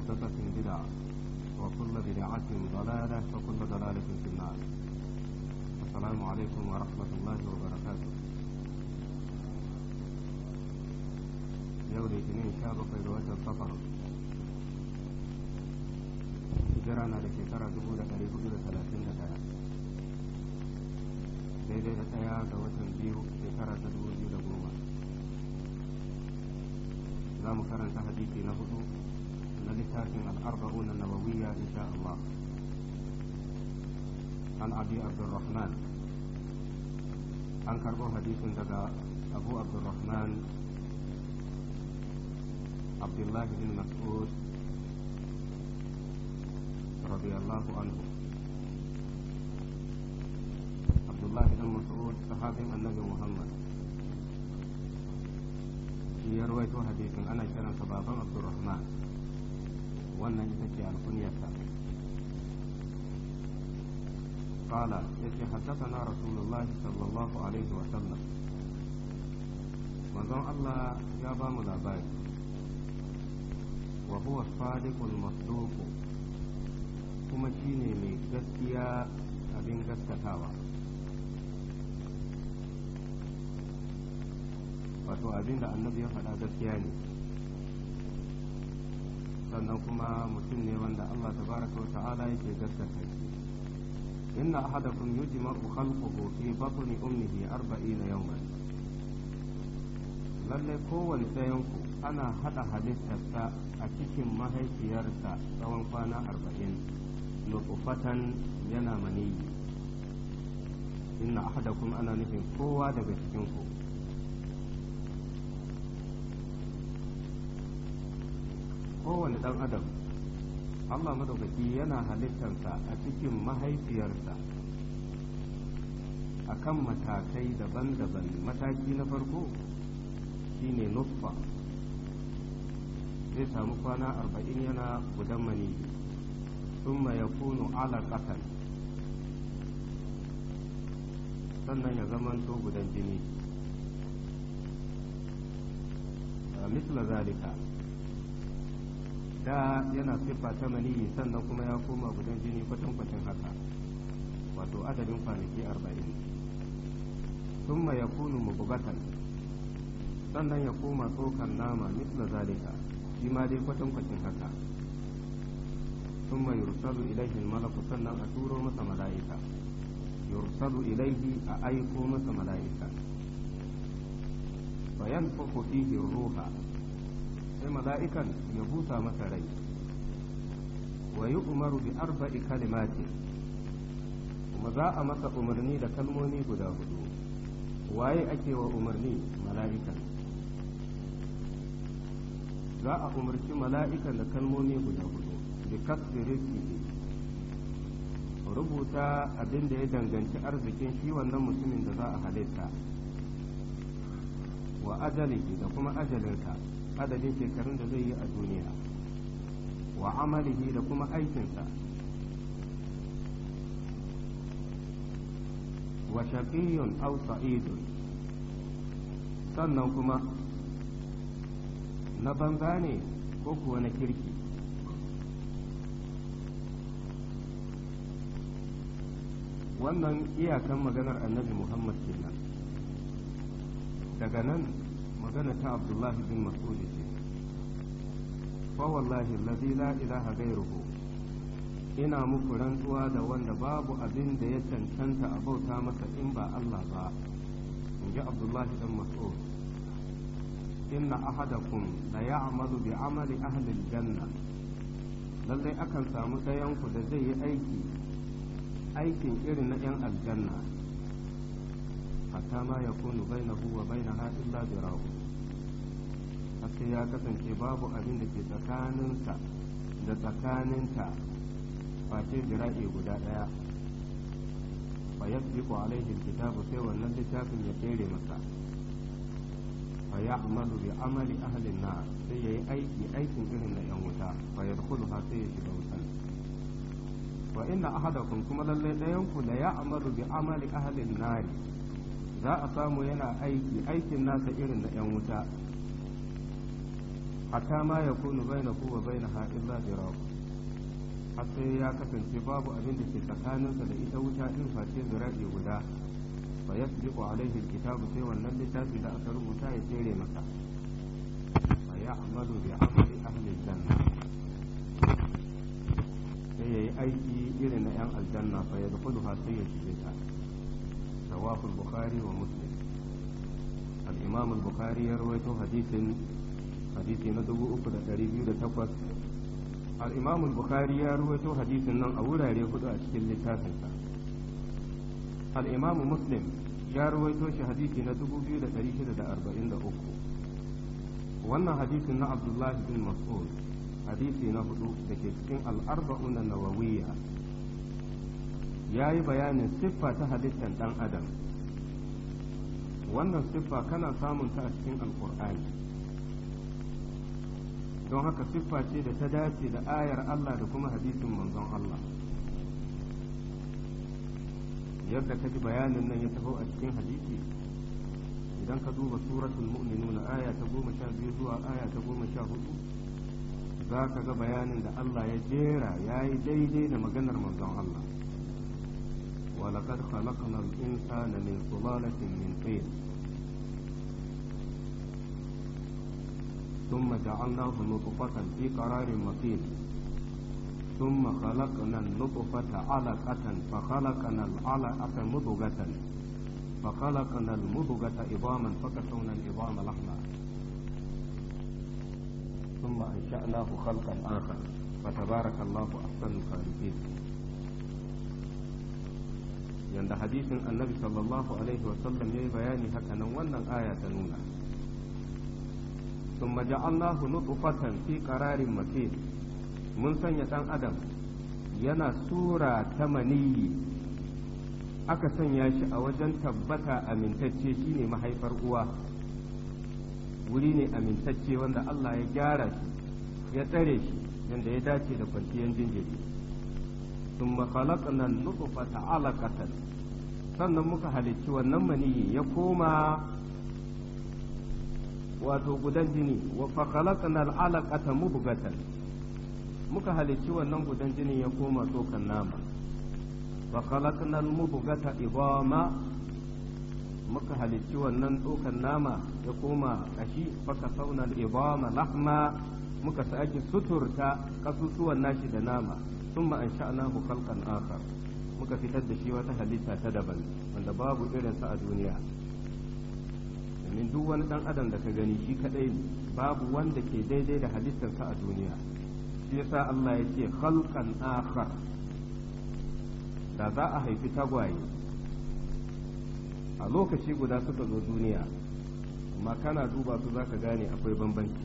محدثة بدعة وكل بدعة ضلالة وكل ضلالة في النار السلام عليكم ورحمة الله وبركاته يولي جنين شاب في الوجه الصفر جرانا لكي ترى دبولة قريب إلى ثلاثين دقائق Dede da taya ga watan biyu shekara ta dubu biyu da goma. الثالثة من الأربعون النووية إن شاء الله عن أبي عبد الرحمن عن كربو حديث دقى أبو عبد الرحمن عبد الله بن مسعود رضي الله عنه عبد الله بن مسعود صحابي النبي محمد يروي حديث أنا كان بابا عبد الرحمن wannan ita ce alkunyata قال يكي حدثنا رسول الله صلى الله عليه وسلم وزن الله يا بام الأباد وهو الصادق المصدوق كما شيني من قسكيا أبين قسكتاوى wato abin da annabi ya faɗa gaskiya sannan kuma mutum ne wanda Allah tabaraka wa ta'ala yake gaskata inna ahadakum yujma'u khalquhu fi batni ummihi 40 yawman lalle kowane ɗayan ku ana hada halittarsa a cikin mahaifiyarsa tsawon kwana 40 nutfatan yana maniyi inna ahadakum ana nufin kowa daga cikin ku kowane ɗan adam Allah madaukaki yana halittarsa a cikin mahaifiyarsa a kan matakai daban-daban mataki na farko shine nufa zai samu kwana arba'in yana gudan mani summa ya kunu ƙasar sannan ya zamanto gudan jini a misla zalika da yana siffa ta maniyi sannan kuma ya koma gudan jini kwatan haka wato adadin kwanaki arba'in sun ya kunu mugubatan sannan ya koma tsokan nama mitla zalika shi ma dai kwatan haka sun mai yursalu ilaihin malaku sannan a turo masa mala'ika yursalu ilaihi a aiko masa mala'ika bayan fuku fihi ruha sai mala'ikan ya busa masa rai wa yi umaru bi arba'i kalimati kuma za a masa umarni da kalmomi guda hudu waye ake wa umarni mala'ikan za a umarci mala'ikan da kalmomi guda hudu bi kasri rizki rubuta abin da ya danganci arzikin shi wannan mutumin da za a halitta wa ajali da kuma ajalinka adadin shekarun da zai yi a duniya wa amalihi da kuma aikinsa wa shaqiyun aw sa'idun sannan kuma na banza ne ko kuwa na kirki wannan iyakan maganar annabi muhammad kenan daga nan magana ta abdullahi bin mas'ud ce fa wallahi allazi la ilaha ghairuhu ina muku rantsuwa da wanda babu abin da ya cancanta a bauta masa in ba Allah ba in ji abdullahi dan mas'ud inna ahadakum la ya'malu bi amali ahli janna lallai akan samu ɗayanku da zai yi aiki aikin irin na 'yan aljanna hatta ma ya kunu bainahu wa bainaha illa zirahu hatta ya kasance babu abin da ke tsakaninsa da tsakaninta face zira'i guda ɗaya fa yasbiqu alaihi kitabu sai wannan littafin ya tsere masa fa ya'malu bi amali ahli na sai yayi aiki aikin irin na yan wuta fa yadkhuluha sai ya shiga wutan wa inna ahadakum kuma lallai dayanku da ya ya'malu bi amali ahli nar za a samu yana aiki aikin nasa irin na 'yan wuta hatta ma ya kunu bai na kuwa bai na haɗin har sai ya kasance babu abin da ke tsakaninsa da ita wuta in face zira'i guda ba ya fi jiko alaihi kitabu sai wannan littafi da aka rubuta ya tere masa ba ya amalu bi amali ahli janna sai ya yi aiki irin na 'yan aljanna fa ya dukulu har sai ya shige ta رواه البخاري ومسلم الإمام البخاري يروي حديث حديث ندبو أكد تريبيو لتقوى الإمام البخاري يروي حديث نن أولا ليهد أشكل لتاسنسا الإمام مسلم يروي حديث ندبو بيو لتريشد أربعين لأكو wannan hadisin na abdullahi bin mas'ud hadisi na hudu da ke cikin al'arba'un nawawiyya ya yi bayanin siffa ta halittar ɗan adam wannan siffa kana samun ta a cikin alkur'ani don haka siffa ce da ta dace da ayar allah da kuma hadisin manzon allah yadda ka ji bayanin nan ya taho a cikin hadisi idan ka duba suratul mu'minun aya ta goma sha biyu zuwa aya ta goma sha hudu za ka ga bayanin da allah ya jera ya yi daidai da maganar manzon allah ولقد خلقنا الإنسان من سلالة من طين ثم جعلناه نطفة في قرار مكين ثم خلقنا النطفة علقة فخلقنا العلقة مضغة فخلقنا المضغة عظاما فكسونا العظام لحما ثم أنشأناه خلقا آخر فتبارك الله أحسن الخالقين yanda hadisin annabi sallallahu alaihi wasallam ya yi bayani haka nan wannan aya ta nuna sun allahu nutfatan fi qararin makin mun sanya dan adam yana sura ta maniyi aka sanya shi a wajen tabbata amintacce shine mahaifar uwa wuri ne amintacce wanda Allah ya gyara shi ya tsare shi yanda ya dace da kwanciyar jinjiri thumma khalaqna an-nutfata 'alaqatan sannan muka halicci wannan maniyi ya koma wato gudan jini wa fa khalaqna al-'alaqata mubghatan muka halicci wannan gudan jini ya koma tsokan nama fa khalaqna al-mubghata idama muka halicci wannan tsokan nama ya koma kashi fa kasauna al-idama lahma muka sa sake suturta kasusuwan nashi da nama ثم ku خلقا آخر muka fitar da shi wata halitta ta daban wanda babu irin irinsa a duniya domin duk wani dan adam da ka gani shi kadai ne babu wanda ke daidai da halittarsa a duniya shi yasa Allah ya ce khalqan akhar da za a haifi tagwaye a lokaci guda suka zo duniya amma kana duba su zaka gane akwai bambanci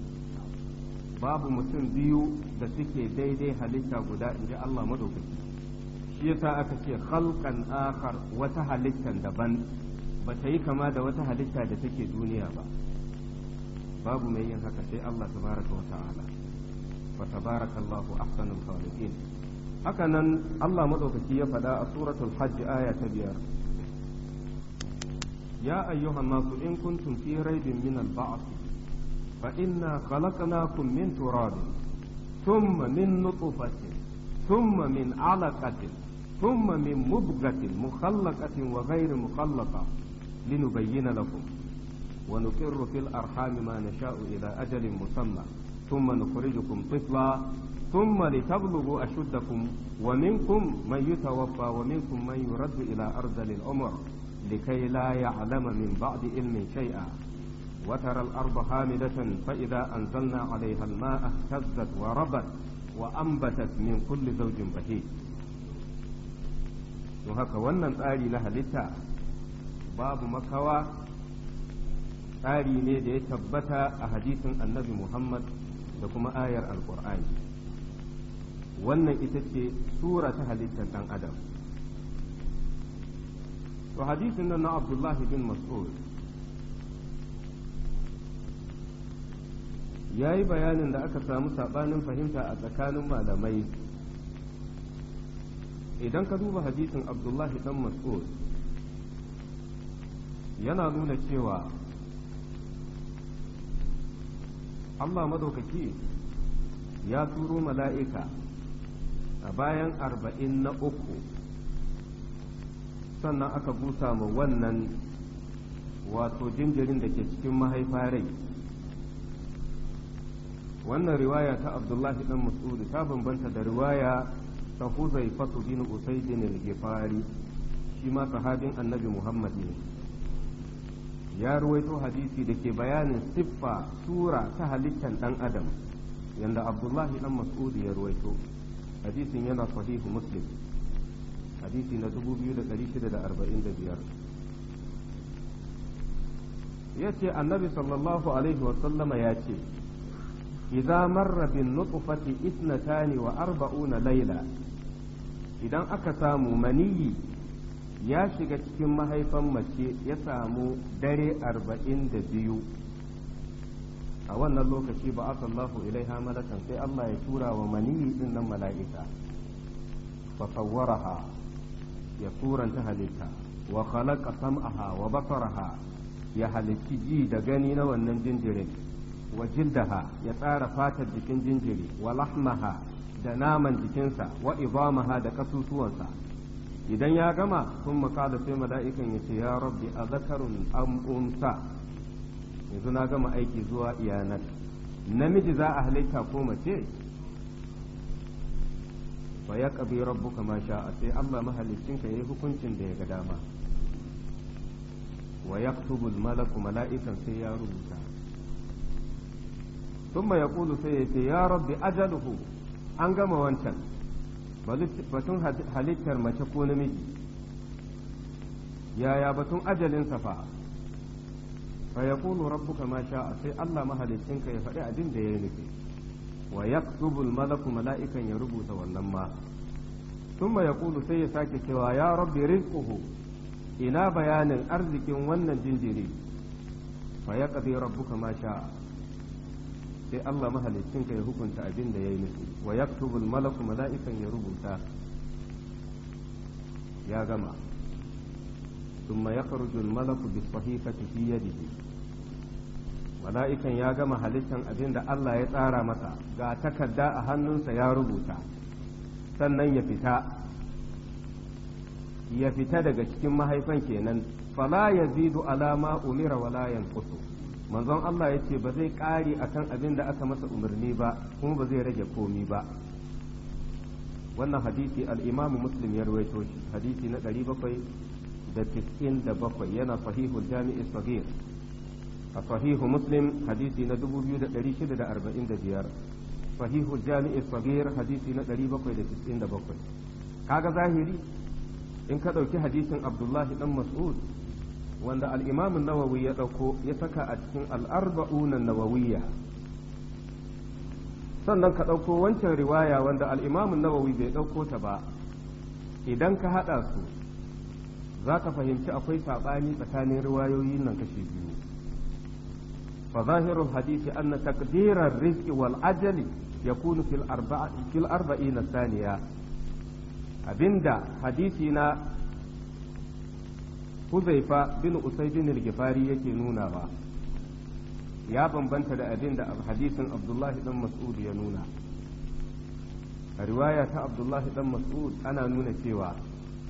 babu mutum biyu da suke daidai halitta guda in ji Allah madaukaki shi yasa aka ce khalqan akhar wata halittan daban ba ta yi kama da wata halitta da take duniya ba babu mai yin haka sai Allah tabaraka wa ta'ala fa tabarakallahu ahsanul khaliqin haka nan Allah madaukaki ya faɗa a suratul hajj aya ta biyar ya ayyuhan nasu in kuntum fi raibin min al-ba'th فإنا خلقناكم من تراب ثم من نطفة ثم من علقة ثم من مبغة مخلقة وغير مخلقة لنبين لكم ونقر في الأرحام ما نشاء إلى أجل مسمى ثم نخرجكم طفلا ثم لتبلغوا أشدكم ومنكم من يتوفى ومنكم من يرد إلى أرض العمر لكي لا يعلم من بعد علم شيئا وترى الأرض هامدة فإذا أنزلنا عليها الماء اهتزت وربت وأنبتت من كل زوج بهيج don haka wannan tsari na halitta babu makawa tsari ne da ya tabbata a hadisin annabi muhammad da kuma ayar alkur'ani wannan ita ce sura ta halittar dan adam to hadisin nan na abdullahi bin mas'ud ya yi bayanin da aka samu saɓanin fahimta a tsakanin malamai idan ka duba hadisin abdullahi dan mas'ud yana nuna cewa allah madaukaki ya turo mala'ika a bayan arba'in na uku sannan aka busa ma wannan wato jinjirin da ke cikin mahaifarai. wannan riwaya ta abdullahi dan mas'ud ta bambanta da riwaya ta huzaifa bin usayd al-ghifari shi ma sahabin annabi muhammad ne ya ruwaito hadisi da ke bayanin siffa sura ta halittar dan adam yanda abdullahi dan mas'ud ya ruwaito hadisin yana sahihu muslim hadisi na 2645 yace annabi sallallahu alaihi sallama ya ce idza marra bin nutfati ne wa arba'una layla idan aka samu maniyi ya shiga cikin mahaifan mace ya samu dare arba'in da biyu a wannan lokaci ba aka Allahu ilaiha malakan sai Allah ya tura wa maniyi din nan mala'ika fa ya turanta halitta wa khalaqa sam'aha wa basaraha ya halicci ji da gani na wannan jinjirin wa jildaha ya tsara fatar jikin jinjiri wa lahmaha da naman jikinsa wa ibamaha da kasusuwansa idan ya gama sun makala sai mala'ikan ya ce ya rabbi a zakarun am'unsa yanzu na gama aiki zuwa iyanar namiji za a halitta ko mace fa ya kabi rabbuka ma sha'a sai Allah mahaliccinka yayi hukuncin da ya ga dama wa yaktubu malaku mala'ikan sai ya rubuta sun ya kulu sai ya ce ya rabbi ajaluhu an gama wancan batun halittar mace ko namiji yaya batun ajalinsa fa fa ya kulu rabbuka ma sai Allah mahalicinka ya faɗi abin da ya yi nufi wa yaktubu malaku mala'ikan ya rubuta wannan ma ثم يقول sai ya sake cewa ya rabbi rizquhu ina bayanin arzikin wannan jinjiri fa ya qadi rabbuka sai Allah mahalicinka ya hukunta abin da ya yi nufi wa yaktubul malaku mala'ikan ya rubuta ya gama ثم يخرج الملك بالصحيفة في يده mala'ikan ya gama halittan abin da Allah ya tsara masa ga takarda a hannunsa ya rubuta sannan ya fita daga cikin mahaifan kenan fala ya zidu alama umira wala yanqusu manzon Allah ya ce ba zai ƙari akan abin da aka masa umarni ba kuma ba zai rage komi ba wannan hadisi al'imamu muslim ya rawaito shi hadisi na 797 yana sahihu jami'i sahih a sahihu muslim hadisi na 2645 sahihu jami'i sahih hadisi na 797 kaga zahiri in ka ɗauki hadisin abdullahi dan mas'ud wanda al'imamin nawawi ya ɗauko ya saka a cikin al'arba'unan nawawiyya sannan ka ɗauko wancan riwaya wanda al'imamin nawawi bai ɗauko ta ba idan ka haɗa su za ka fahimci akwai saɓani tsakanin riwayoyin nan kashi biyu fa zahirul hadisi anna takdirar rizqi wal ajali yakunu fil arba'ina saniya abinda hadisi na huzaifa bin usaidin al-gifari yake nuna ba ya bambanta da abin da hadisin abdullahi dan mas'ud ya nuna a riwaya ta abdullahi dan mas'ud ana nuna cewa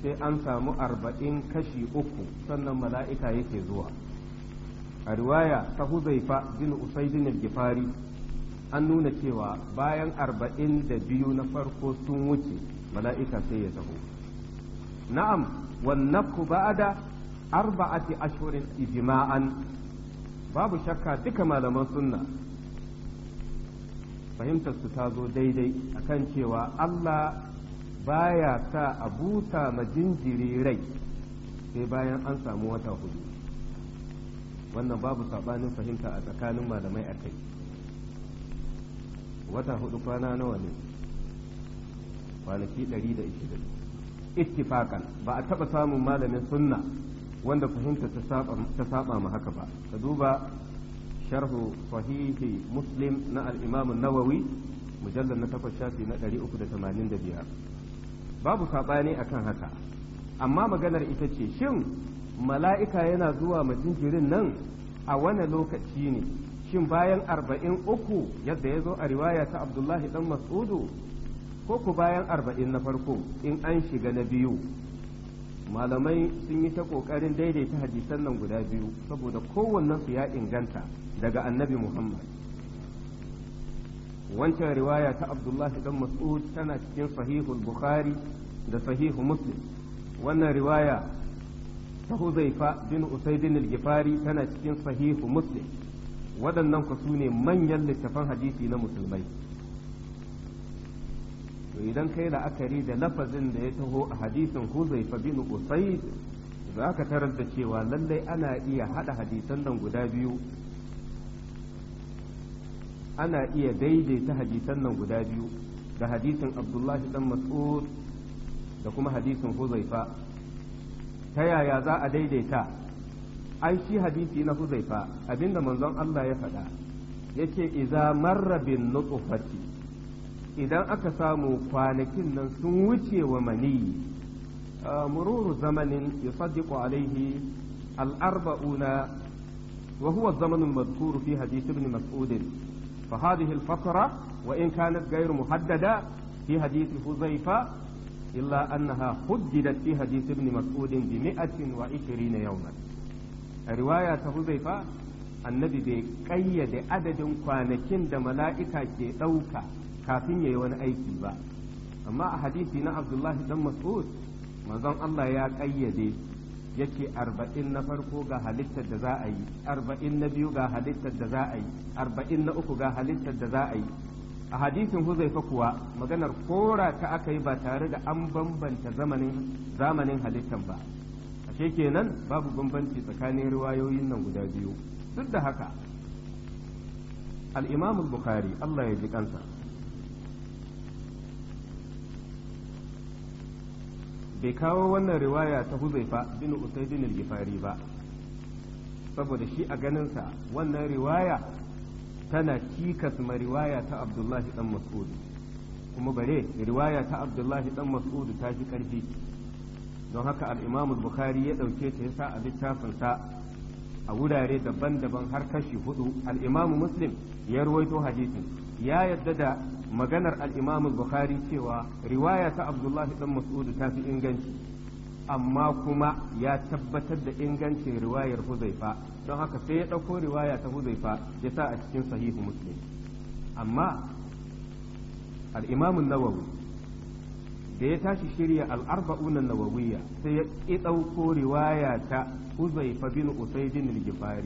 sai an samu arba'in kashi uku sannan mala'ika yake zuwa a riwaya ta huzaifa bin usaidin al-gifari an nuna cewa bayan arba'in da biyu na farko sun wuce mala'ika sai ya taho na'am wannan ba'ada arba'ati ashurin ijima'an babu shakka duka malaman sunna fahimtar su ta zo daidai akan cewa Allah baya sa a buta ma jinjiri rai sai bayan an samu wata hudu wannan babu sabanin fahimta a tsakanin malamai a kai wata hudu kwana nawa ne kwanaki 120 ittifakan ba a taba samun malamin sunna wanda fahimta ta saba ma haka ba ka duba sharhu sahihi muslim na al-imam nawawi mujallar na takwas shafi na 385 babu sabani akan haka amma maganar ita ce shin mala'ika yana zuwa majinjirin nan a wani lokaci ne shin bayan arba'in uku yadda ya zo a riwaya ta abdullahi dan mas'udu ko ku bayan arba'in na farko in an shiga na biyu malamai sun yi ta kokarin daidaita hadisan nan guda biyu saboda kowannen su ya inganta daga annabi muhammad wancan riwaya ta abdullahi dan mas'ud tana cikin sahihul bukhari da sahihu muslim wannan riwaya ta huzaifa bin usaidin al-gifari tana cikin sahihu muslim waɗannan ku su ne manyan littafan hadisi na musulmai to idan kai la'akari da lafazin da ya taho a hadisin fa bin usayd za ka tarar da cewa lallai ana iya hada hadisan nan guda biyu ana iya daidaita hadisan nan guda biyu da hadisin abdullahi dan mas'ud da kuma hadisin huzaifa ta yaya za a daidaita ai shi hadisi na huzaifa abinda manzon Allah ya faɗa yace iza marra bin nutfati idan aka samu kwanakin nan sun wuce wa maniyi mururu zamanin ya saddiƙo alaihi al'arba'una wa huwa zamanin mazkuru fi hadith ibn mas'udin fa hadhihi al-fatra wa in kanat ghayr muhaddada fi hadith huzaifa illa annaha huddidat fi hadith ibn mas'udin bi 120 yawman a riwaya ta huzaifa annabi bai kayyade adadin kwanakin da mala'ika ke ɗauka kafin ya yi wani aiki ba amma a hadisi na abdullahi dan mas'ud manzon Allah ya ƙayyade yake arba'in na farko ga halittar da za a yi arba'in na biyu ga halittar da za a yi arba'in na uku ga halittar da za a yi a hadisin huzaifa kuwa maganar kora ta aka yi ba tare da an bambanta zamanin halittar ba ashe kenan babu bambanci tsakanin riwayoyin nan guda biyu duk da haka al-imam bukhari Allah ya ji kansa bai kawo wannan riwaya ta huzaifa bin usaidin al-gifari ba saboda shi a ganinsa wannan riwaya tana cikas ma riwaya ta abdullahi dan mas'ud kuma bare riwaya ta abdullahi dan mas'ud ta fi karfi don haka al-imam bukhari ya dauke ta yasa a littafin sa a wurare daban-daban har kashi hudu al-imam muslim ya ruwaito hadisin ya yadda da maganar al’imam bukhari cewa riwaya ta Abdullahi dan Mas'udu ta fi inganci amma kuma ya tabbatar da ingancin riwayar Huzaifa don haka sai ya ɗauko riwaya ta Huzaifa ya sa a cikin sahihu Muslim amma al nawawi da ya tashi shirya al nawawiyya sai ya ɗauko riwaya ta Huzaifa bin Usayd al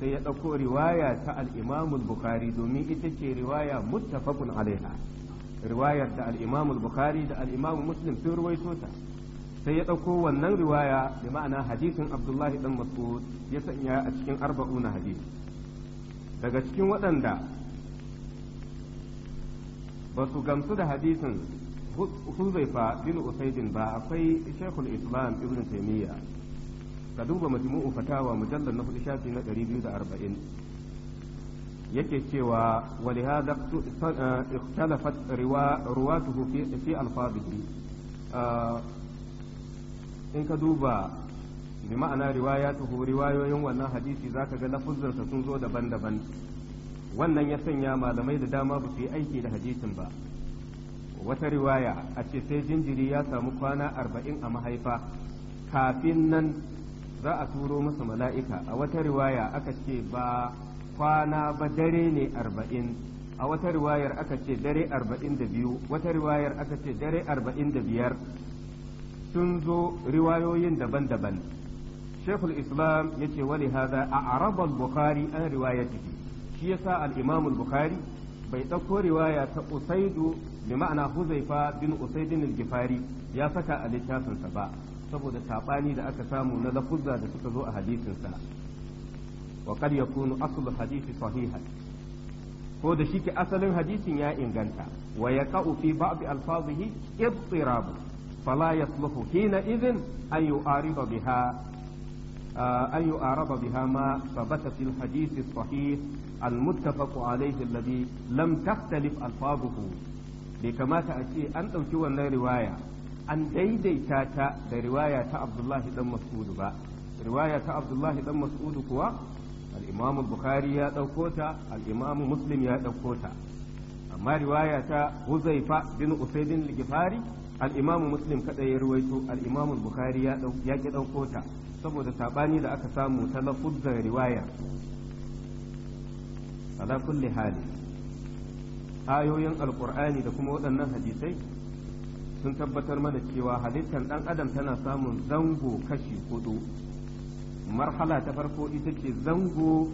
sai ya ɗauko riwaya ta al'imamul bukhari domin ita ce riwaya muttafaqun alaiha riwayar da al'imamul bukhari da al'imamul muslim sun ruwaito ta sai ya ɗauko wannan riwaya da ma'ana hadisin abdullahi dan mas'ud ya sanya a cikin arba'una hadisi daga cikin waɗanda ba su gamsu da hadisin huzaifa bin usaidin ba akwai shekul islam ibn taimiyya ka duba majmu'u fatawa mujallal na hudu shafi na 240 yake cewa wali hadha eh, ikhtalafat ruwatuhu fi fi alfadhihi ah, in ka duba bi ma'ana riwayatuhu riwayoyin wannan hadisi zaka ga lafuzzansa sun zo daban-daban wannan ya sanya malamai da dama ba su yi aiki da hadisin ba wata riwaya a ce sai jinjiri ya samu kwana arba'in a mahaifa kafin nan za a turo masa mala'ika a wata riwaya aka ce ba kwana ba dare ne arba'in a wata riwayar aka ce dare arba'in da biyu wata riwayar aka ce dare arba'in da biyar sun zo riwayoyin daban-daban shekul islam ya ce wani haza a arabar bukari an riwaya ciki shi ya sa al'imamul bukari bai ɗauko riwaya ta usaidu bi ma'ana huzaifa bin usaidin al-gifari ya saka a littafinsa ba saboda tabani da aka samu na lafuzza da suka zo a hadisin sa wa kad yakunu aslu hadisi sahiha ko da shike asalin hadisin ya inganta wa yaqa'u fi ba'd alfazihi idtirab fala yasluhu hina idhin an yu'arida biha an يعارض biha ma ثبت في الحديث الصحيح المتفق عليه الذي لم تختلف ألفاظه بكما تأتي أن تمشي الرواية an daidaita ta da riwaya ta abdullahi dan mas'udu ba riwaya ta abdullahi dan mas'udu kuwa al-imamu bukhari ya ɗauko ta al muslim ya ɗauko ta amma riwaya ta huzaifa bin usaidin al-gifari al muslim kada ya ruwaito al bukhari ya ya ki ɗauko ta saboda sabani da aka samu ta lafuzzan riwaya ala kulli hali ayoyin qurani da kuma waɗannan hadisai sun tabbatar mana cewa halittar ɗan adam tana samun zango kashi hudu marhala ta farko ita ce zango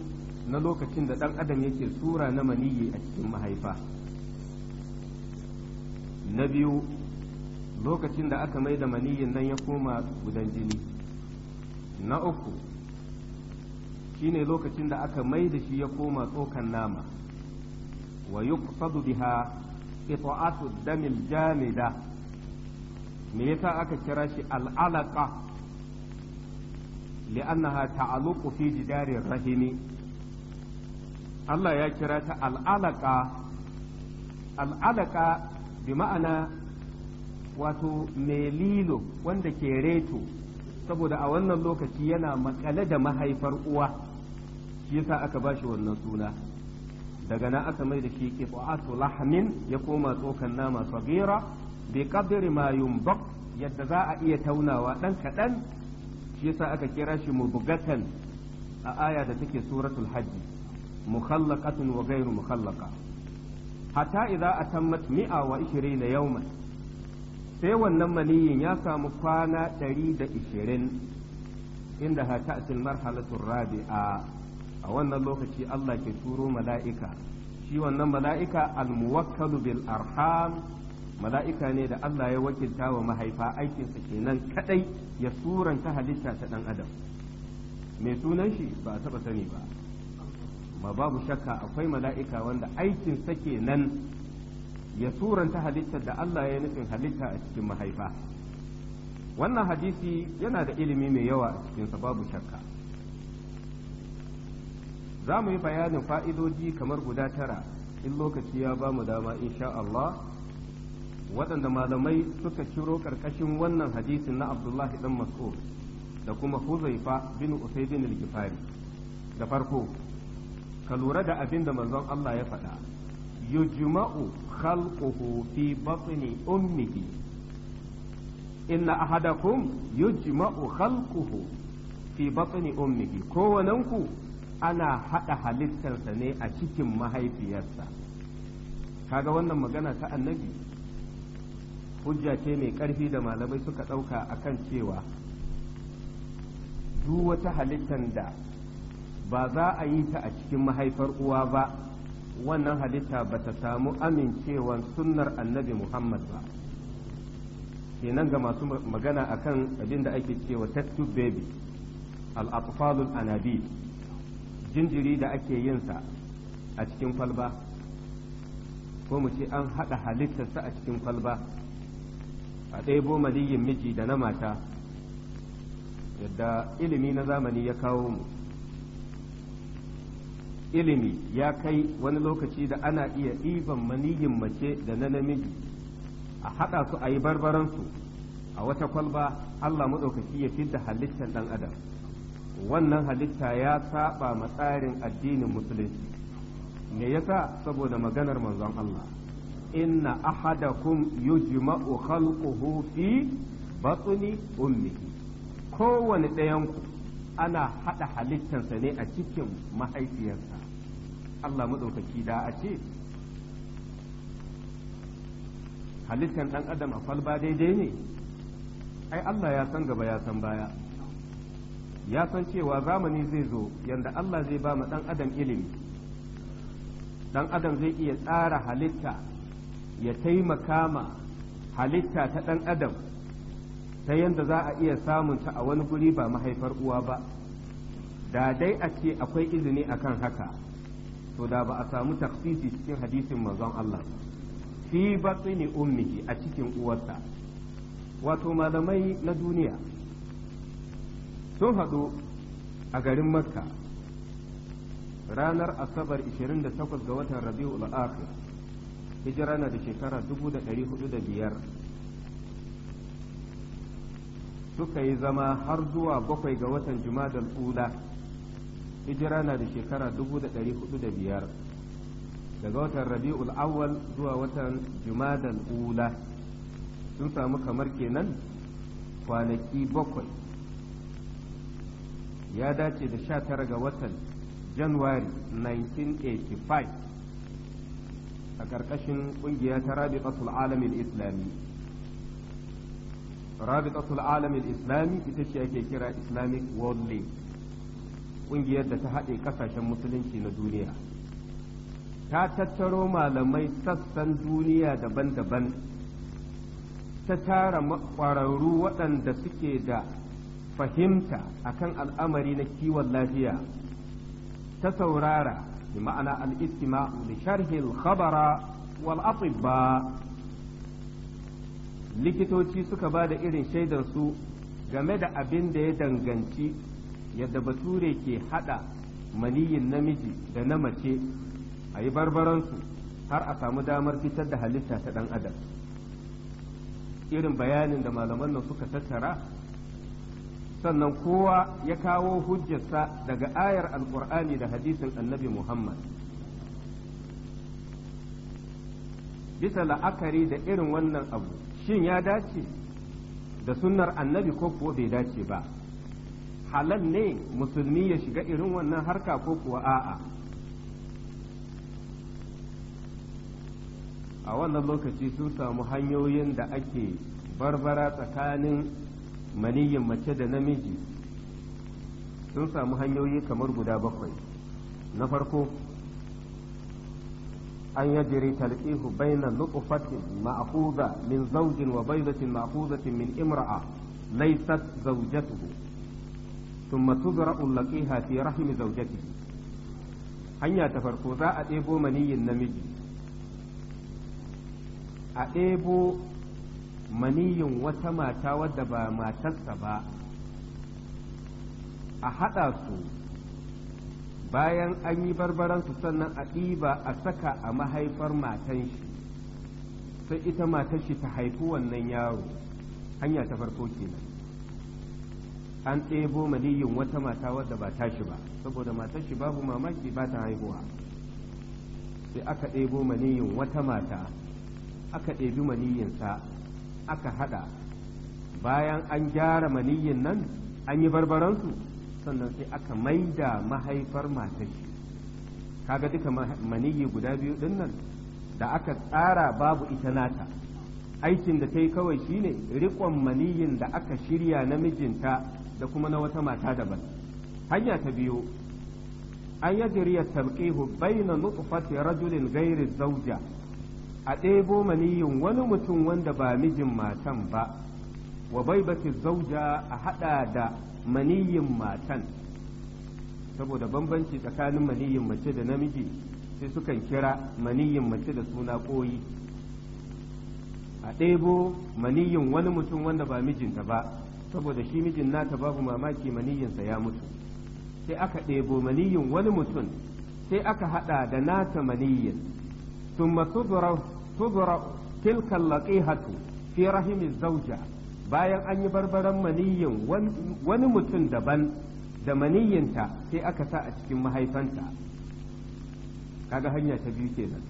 na lokacin da ɗan adam yake sura na maniyyi a cikin mahaifa na biyu lokacin da aka mai da maniyyin nan ya koma gudan jini na uku shine lokacin da aka mai da shi ya koma tsokan nama wa yuqsadu biha ita'atu damil jamida me yasa aka kira shi al'alaka li'annaha ta'aluqu fi jidari rahimi Allah ya kira ta al'alaka al'alaka bi ma'ana wato melilo wanda ke reto saboda a wannan lokaci yana makale da mahaifar uwa shi yasa aka ba shi wannan suna daga na aka mai da shi qita'atu lahmin ya koma tsokan nama sagira bi qadri ma yadda za a iya taunawa ɗan kaɗan shi yasa aka kira shi mubugatan a aya da take suratul hajji mukhallaqatun wa ghayru mukhallaqa hatta idza atammat 120 yawman sai wannan maniyin ya samu kwana 120 inda ha asil marhalatul rabi'a a wannan lokaci Allah ke turo mala'ika shi wannan mala'ika almuwakkalu bil arham mala'ika ne da Allah ya wakilta wa mahaifa aikinsa kenan kadai ya suranta halitta ta ɗan adam mai sunan shi ba a taba sani ba ma babu shakka akwai mala'ika wanda aikinsa kenan ya suranta halitta da Allah ya nufin halitta a cikin mahaifa wannan hadisi yana da ilimi mai yawa a cikinsa babu shakka za mu yi bayanin fa'idoji kamar guda tara in lokaci ya ba mu dama insha Allah waɗanda malamai suka ciro ƙarƙashin wannan hadisin na abdullahi dan mas'ud da kuma huzaifa bin usaidin al-gifari da farko ka lura da abin da manzon Allah ya faɗa yujma'u khalquhu fi batni ummihi inna ahadakum yujma'u khalquhu fi batni ummihi kowananku ana haɗa halittarsa ne a cikin mahaifiyarsa kaga wannan magana ta annabi hujja ce mai ƙarfi da malamai suka ɗauka a kan cewa duk wata halittar da ba za a yi ta a cikin mahaifar uwa ba wannan halitta ba ta samu amincewan sunnar annabi muhammad ba kenan ga masu magana a kan abin da ake cewa tattoo baby al anabi jinjiri da ake yinsa a cikin kwalba ko mu ce an haɗa halittarsa a cikin kwalba a ɗebo madiyin miji da na mata yadda ilimi na zamani ya kawo mu ilimi ya kai wani lokaci da ana iya ɗiban maniyin mace da na namiji a haɗa su a yi barbaransu a wata kwalba Allah maɗaukaki ya fidda halittar ɗan adam wannan halitta ya saba ma tsarin addinin musulunci me yasa saboda maganar manzon Allah inna ahadakum yujma'u khalquhu fi batni ummihi ɗayan ɗayanku ana haɗa halittansa ne a cikin mahaifiyarsa Allah maɗaukaki da a ce halittan ɗan adam a falba daidai ne ai Allah ya san gaba ya san baya ya san cewa zamani zai zo yanda Allah zai ba mu ɗan adam ilimi ɗan adam zai iya tsara halitta ya taimaka ma halitta ta ɗan adam ta yadda za a iya samunta a wani guri ba mahaifar uwa ba da dai a ce akwai izini a kan haka to da ba a samu taksisi cikin hadisin manzon Allah fi batsini ummihi a cikin uwarsa wato malamai na duniya sun haɗu a garin makka ranar asabar 28 ga watan rabi'ul akhir hijira na da shekara dubu da ɗari hudu da biyar suka yi zama har zuwa bakwai ga watan jumadal ula hijira na da shekara dubu da ɗari hudu da biyar daga watan rabi'ul awwal zuwa watan jumadal ula sun samu kamar kenan kwanaki bakwai ya dace da sha tara ga watan januwari 1985 a ƙarƙashin ƙungiya ta rabitatul alamin islami rabitatul alamin islami ita ce ake kira islamic world league ƙungiyar da ta haɗe ƙasashen musulunci na duniya ta tattaro malamai sassan duniya daban-daban ta tara ƙwararru waɗanda suke da fahimta akan al'amari na kiwon lafiya ta saurara بمعنى الاستماع لشرح الخبر والأطباء likitoci suka ba da irin shaidarsu game da abin da ya danganci yadda bature ke hada maniyin namiji da na mace a yi barbaransu har a samu damar fitar da halitta ta dan adam irin bayanin da malaman nan suka tattara sannan kowa ya kawo hujjarsa daga ayar alkur'ani da hadisin annabi muhammad bisa la'akari da irin wannan abu shin ya dace da sunnar annabi ko kuwa bai dace ba halal ne musulmi ya shiga irin wannan harka ko kuwa a'a a wannan lokaci sun samu hanyoyin da ake barbara tsakanin maniyin mace da namiji sun samu hanyoyi kamar guda bakwai na farko an yajiri talqihu bayna nutfatin ma'khuza min zawjin wa baydatin ma'khuzatin min imra'a laysat zawjatuhu thumma tuzra'u laqiha fi rahim zawjatihi hanya ta farko za a ɗebo maniyin namiji a ɗebo maniyin wata mata wadda ba matarsa ba a haɗa su bayan an yi barbaransu sannan a ɗiba a saka a mahaifar matan shi sai ita matar shi ta haifi wannan yaro hanya ta farko kenan an ɗebo maniyin wata mata wadda ba tashi ba saboda matar shi babu mamaki ba ta haihuwa sai aka ɗebo maniyin wata mata aka ɗebi maniyinsa aka hada bayan an gyara maniyin nan an yi barbaransu sannan sai aka maida mahaifar matar shi kaga duka maniyi guda biyu din nan da aka tsara babu ita nata aikin da ta yi kawai shine rikon maniyin da aka shirya na mijinta da kuma na wata mata daban hanya ta biyu an yajriya talqihu bayna nutfati rajulin ghairi zawja a ɗebo maniyin wani mutum wanda ba mijin matan ba wa bai baibati zauja a haɗa da maniyin matan saboda bambanci tsakanin maniyin mace da namiji sai sukan kira maniyin mace da suna koyi a ɗebo maniyin wani mutum wanda ba mijinta ba saboda shi mijin nata babu mamaki maniyinsa ya mutu sai aka ɗebo maniyin wani mutum sai aka haɗa da nata maniyin ثم تضرب تضرب تلك اللقيحة في رحم الزوجة bayan an yi barbaran maniyyin wani mutum daban da maniyyinta sai aka sa a cikin mahaifanta kaga hanya ta biyu kenan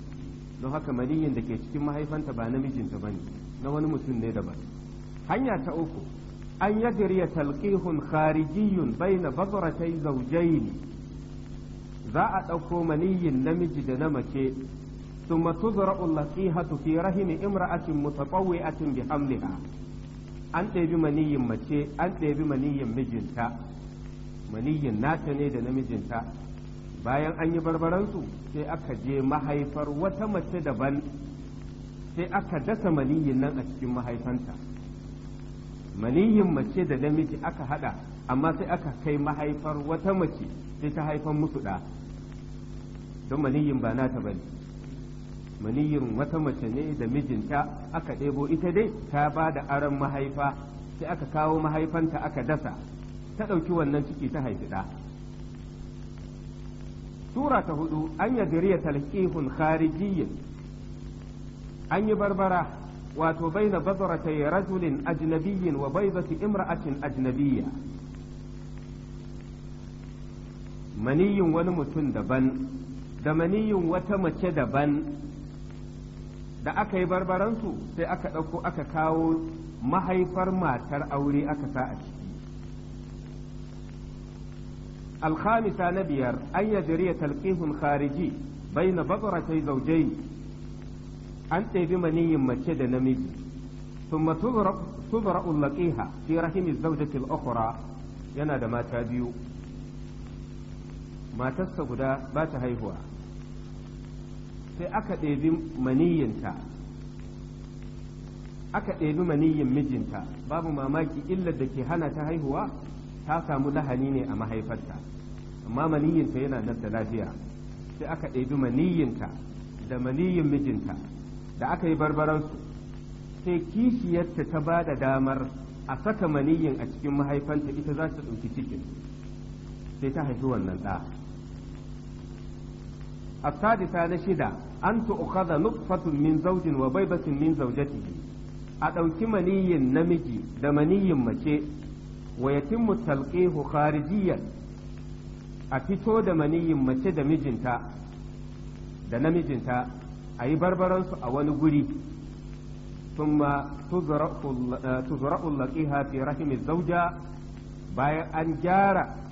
don haka maniyyin da ke cikin mahaifanta ba namijinta bane na wani mutum ne daban hanya ta uku an yajriya talqihun kharijiyyun baina badratai zawjayn za a ɗauko maniyyin namiji da na mace ثم تزرع اللقيحة في رهن امرأة متطوعة بحملها an ɗebi maniyin mace an ɗebi maniyin mijinta maniyin nata ne da namijinta bayan an yi barbaransu sai aka je mahaifar wata mace daban sai aka dasa maniyin nan a cikin mahaifanta maniyin mace da namiji aka hada amma sai aka kai mahaifar wata mace sai ta haifan musu ɗa don maniyin ba nata bane maniyin wata mace ne da mijinta aka ɗebo ita dai ta ba da aron mahaifa sai aka kawo mahaifanta aka dasa ta ɗauki wannan ciki ta haifi ɗa sura ta hudu an yi yadriya talqihun kharijiyyin an yi barbara wato baina yi rajulin ajnabiyyin wa baizati imra'atin ajnabiyya maniyin wani mutum daban da maniyin wata mace daban da aka yi barbaransu sai aka ɗauko aka kawo mahaifar matar aure aka sa a ciki alkhamisa na biyar an yajriya talqihun khariji baina batratai zawjayn an ɗebi maniyin mace da namiji thumma tubra'u laqiha fi rahimi zawjati al-ukhra yana da mata biyu matarsa guda ba ta haihuwa sai aka ɗebi maniyinta aka ɗebi maniyyin mijinta babu mamaki illar da ke hana ta haihuwa ta samu lahani ne a mahaifarta amma maniyyinta yana nan da lafiya sai aka ɗebi maniyyinta da maniyyin mijinta da aka yi barbaransu sai kishiyarta ta ba da damar a saka maniyyin a cikin mahaifanta ita za ta ɗauki cikin sai ta haifi wannan ɗa السادسة نشدة أن تؤخذ نطفة من زوج وبيضة من زوجته أدوك مني نمجي دمني مشي ويتم التلقيه خارجيا أتتو دمني مشي دمجنتا دمجنتا أي بربرنس أو نقولي ثم تزرع اللقيها في رحم الزوجة bayan an gyara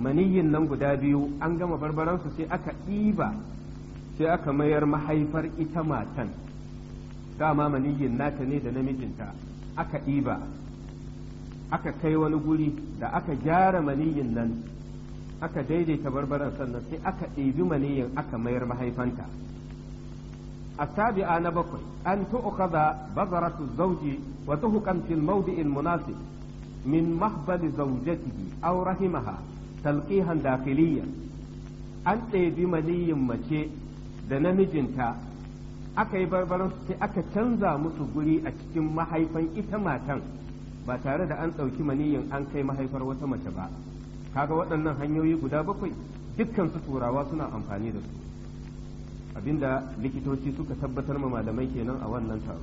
maniyin nan guda biyu an gama barbaransu sai aka ɗiba sai aka mayar mahaifar ita matan dama maniyin nata ne da namijinta aka ɗiba aka kai wani guri da aka gyara maniyin nan aka daidaita barbaran sannan sai aka ɗebi maniyin aka mayar mahaifanta a sabi'a na bakwai an tu'khadha bazaratu zawji wa tuhqan fil mawdi'il munasib min mahbali zawjatihi aw rahimaha talqihan dakhiliyan an ɗebi maniyin mace da namijinta aka yi barbaransu sai aka canza musu guri a cikin mahaifan ita matan ba tare da an ɗauki maniyin an kai mahaifar wata mace ba kaga waɗannan hanyoyi guda bakwai dukkan su turawa suna amfani da su abinda likitoci suka tabbatar ma malamai kenan a wannan taro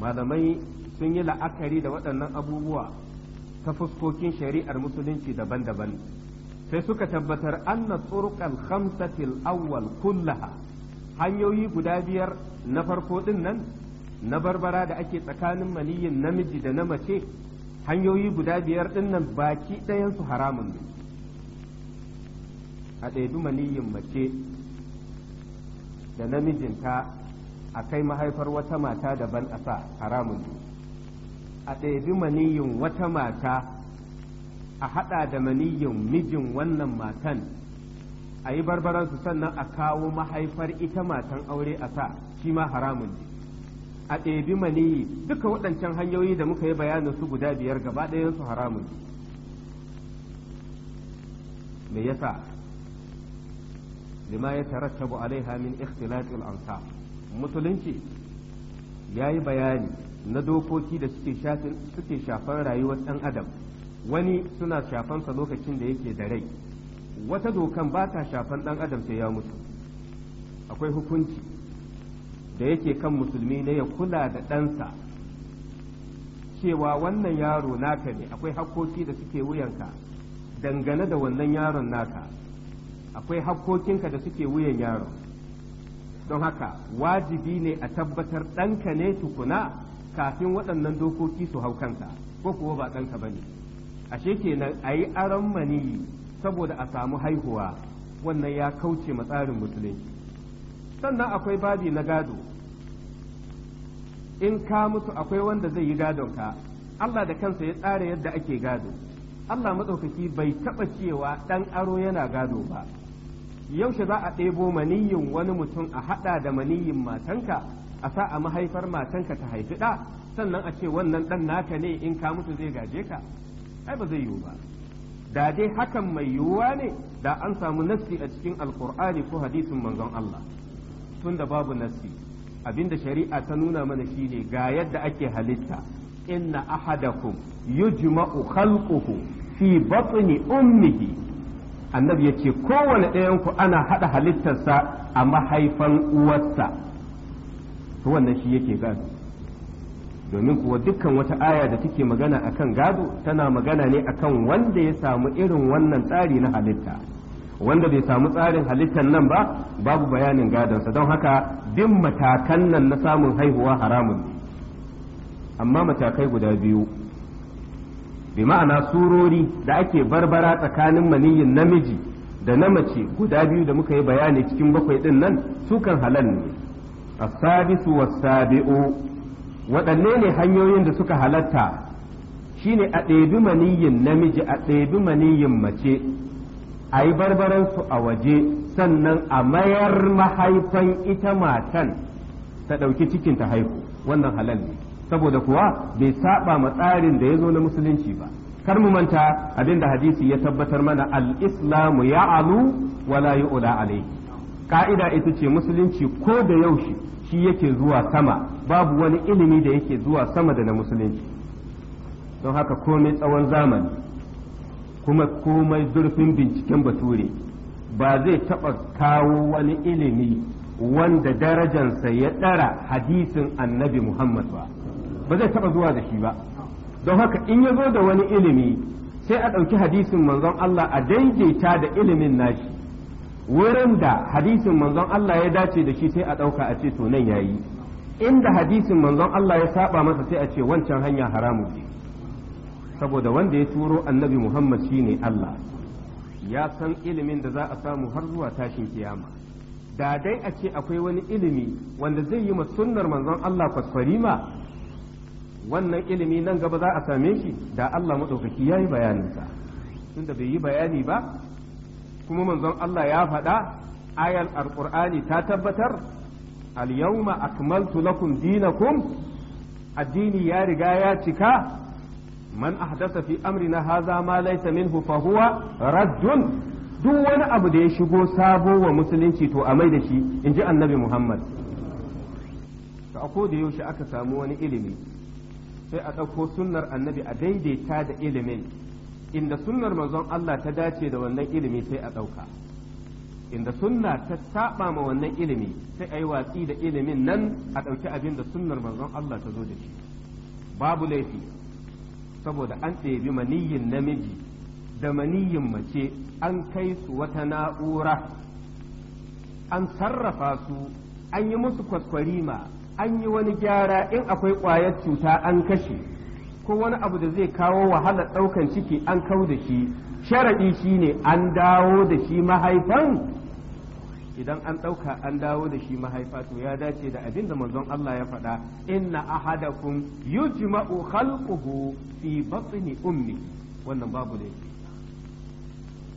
malamai sun yi la'akari da waɗannan abubuwa ta fuskokin shari'ar musulunci daban-daban sai suka tabbatar anna tsurukan khamsatil awwal kullaha hanyoyi guda biyar na farko din nan na barbara da ake tsakanin maniyin namiji da na mace hanyoyi guda biyar din nan baki ɗayan su haramun ne a ɗaidu maniyin mace da namijinta a kai mahaifar wata mata daban a sa haramun ne a ɗebi maniyin wata mata a haɗa da maniyin mijin wannan matan a yi barbaransu sannan a kawo mahaifar ita matan aure a sa shi ma haramun ne a ɗebi maniyi duka waɗancan hanyoyi da muka yi bayanin su guda biyar gaba ɗayan su haramun ne. me yasa lima ya tarattabu alaiha min Al-Amsa? musulunci yayi bayani na dokoki da suke shafan rayuwar ɗan adam wani suna shafansa lokacin da yake da rai wata dokan ba ta shafan ɗan adam sai ya mutu akwai hukunci da yake kan musulmi na ya kula da ɗansa cewa wannan yaro naka ne akwai hakkoki da suke wuyanka dangane da wannan yaron naka akwai hakkokinka da suke wuyan yaron don haka wajibi ne a tabbatar ɗanka ne tukuna kafin waɗannan dokoki su hau kansa ko kuwa ba ɗanka ba ne ashe kenan a yi aron maniyi saboda a samu haihuwa wannan ya kauce matsarin musulunci sannan akwai babi na gado in ka mutu akwai wanda zai yi gadon ka Allah da kansa ya tsara yadda ake gado Allah maɗaukaki bai taɓa cewa ɗan aro yana gado ba yaushe za a ɗebo maniyin wani mutum a haɗa da maniyin matanka a sa a mahaifar matanka ta haifi ɗa sannan a ce wannan ɗan naka ne in ka mutu zai gaje ka ai ba zai yiwu ba da dai hakan mai yiwuwa ne da an samu nassi a cikin alkur'ani ko hadisin manzon Allah Tun da babu nassi abinda shari'a ta nuna mana shine ga yadda ake halitta inna ahadakum yujma'u khalquhu fi batni ummihi annabi yace kowane ɗayan ku ana hada halittarsa a mahaifan uwarsa to wannan shi yake gado domin kuwa dukkan wata aya da take magana akan gado tana magana ne akan wanda ya samu irin wannan tsari na halitta wanda bai samu tsarin halittar nan ba babu bayanin gadonsa don haka duk matakan nan na samun haihuwa haramun ne amma matakai guda biyu bi ma'ana surori da ake barbara tsakanin maniyin namiji da na mace guda biyu da muka yi bayani cikin bakwai din nan su kan halal ne السادس والسابع waɗanne ne hanyoyin da suka halatta shine a ɗebi maniyin namiji a ɗebi maniyin mace a yi barbaransu a waje sannan a mayar mahaifan ita matan ta ɗauki cikin ta haihu wannan halal ne saboda kuwa bai saba ma tsarin da ya zo na musulunci ba kar mu manta abinda hadisi ya tabbatar mana al-islamu ya'alu wala yu'la alayhi ka'ida ita ce musulunci ko da yaushe shi yake zuwa sama babu wani ilimi da yake zuwa sama da na musulunci don haka komai tsawon zamani kuma komai zurfin binciken bature ba zai taɓa kawo wani ilimi wanda darajansa ya ɗara hadisin annabi muhammad ba ba zai taɓa zuwa da shi ba don haka in ya zo da wani ilimi sai a ɗauki hadisin manzon allah a daidaita da ilimin nashi wurin da hadisin manzon Allah ya dace da shi sai a ɗauka a ce to nan yayi inda hadisin manzon Allah ya saba masa sai a ce wancan hanya haramu ce saboda wanda ya turo annabi Muhammad shine Allah ya san ilimin da za a samu har zuwa tashin kiyama da dai a ce akwai wani ilimi wanda zai yi ma sunnar manzon Allah kwaskwarima wannan ilimi nan gaba za a same shi da Allah maɗaukaki ya yi bayaninsa tunda bai yi bayani ba kuma manzon Allah ya faɗa ayar alƙur'ani ta tabbatar al-yawma akmaltu lakum dinakum addini ya riga ya cika man ahdasa fi amrina haza ma laysa minhu fa huwa raddun duk wani abu da ya shigo sabo wa musulunci to a mai da shi inji annabi Muhammad to a da yaushe aka samu wani ilimi sai a ɗauko sunnar annabi a daidaita da ilimin inda sunnar manzon Allah ta dace da wannan ilimi sai a ɗauka inda sunna ta saba ma wannan ilimi sai a yi watsi da ilimin nan a ɗauki abin da sunnar manzon Allah ta zo da shi babu laifi saboda an ɗebi maniyyin namiji da maniyyin mace an kai su wata na'ura an sarrafa su an yi musu kwaskwarima an yi wani gyara in akwai ƙwayar cuta an kashe ko wani abu da zai kawo wahalar ɗaukan ciki an kau da shi sharaɗi shine an dawo da shi mahaifan idan an ɗauka an dawo da shi mahaifa to ya dace da abinda da manzon Allah ya faɗa inna ahadakum yujma'u khalquhu fi batni ummi wannan babu ne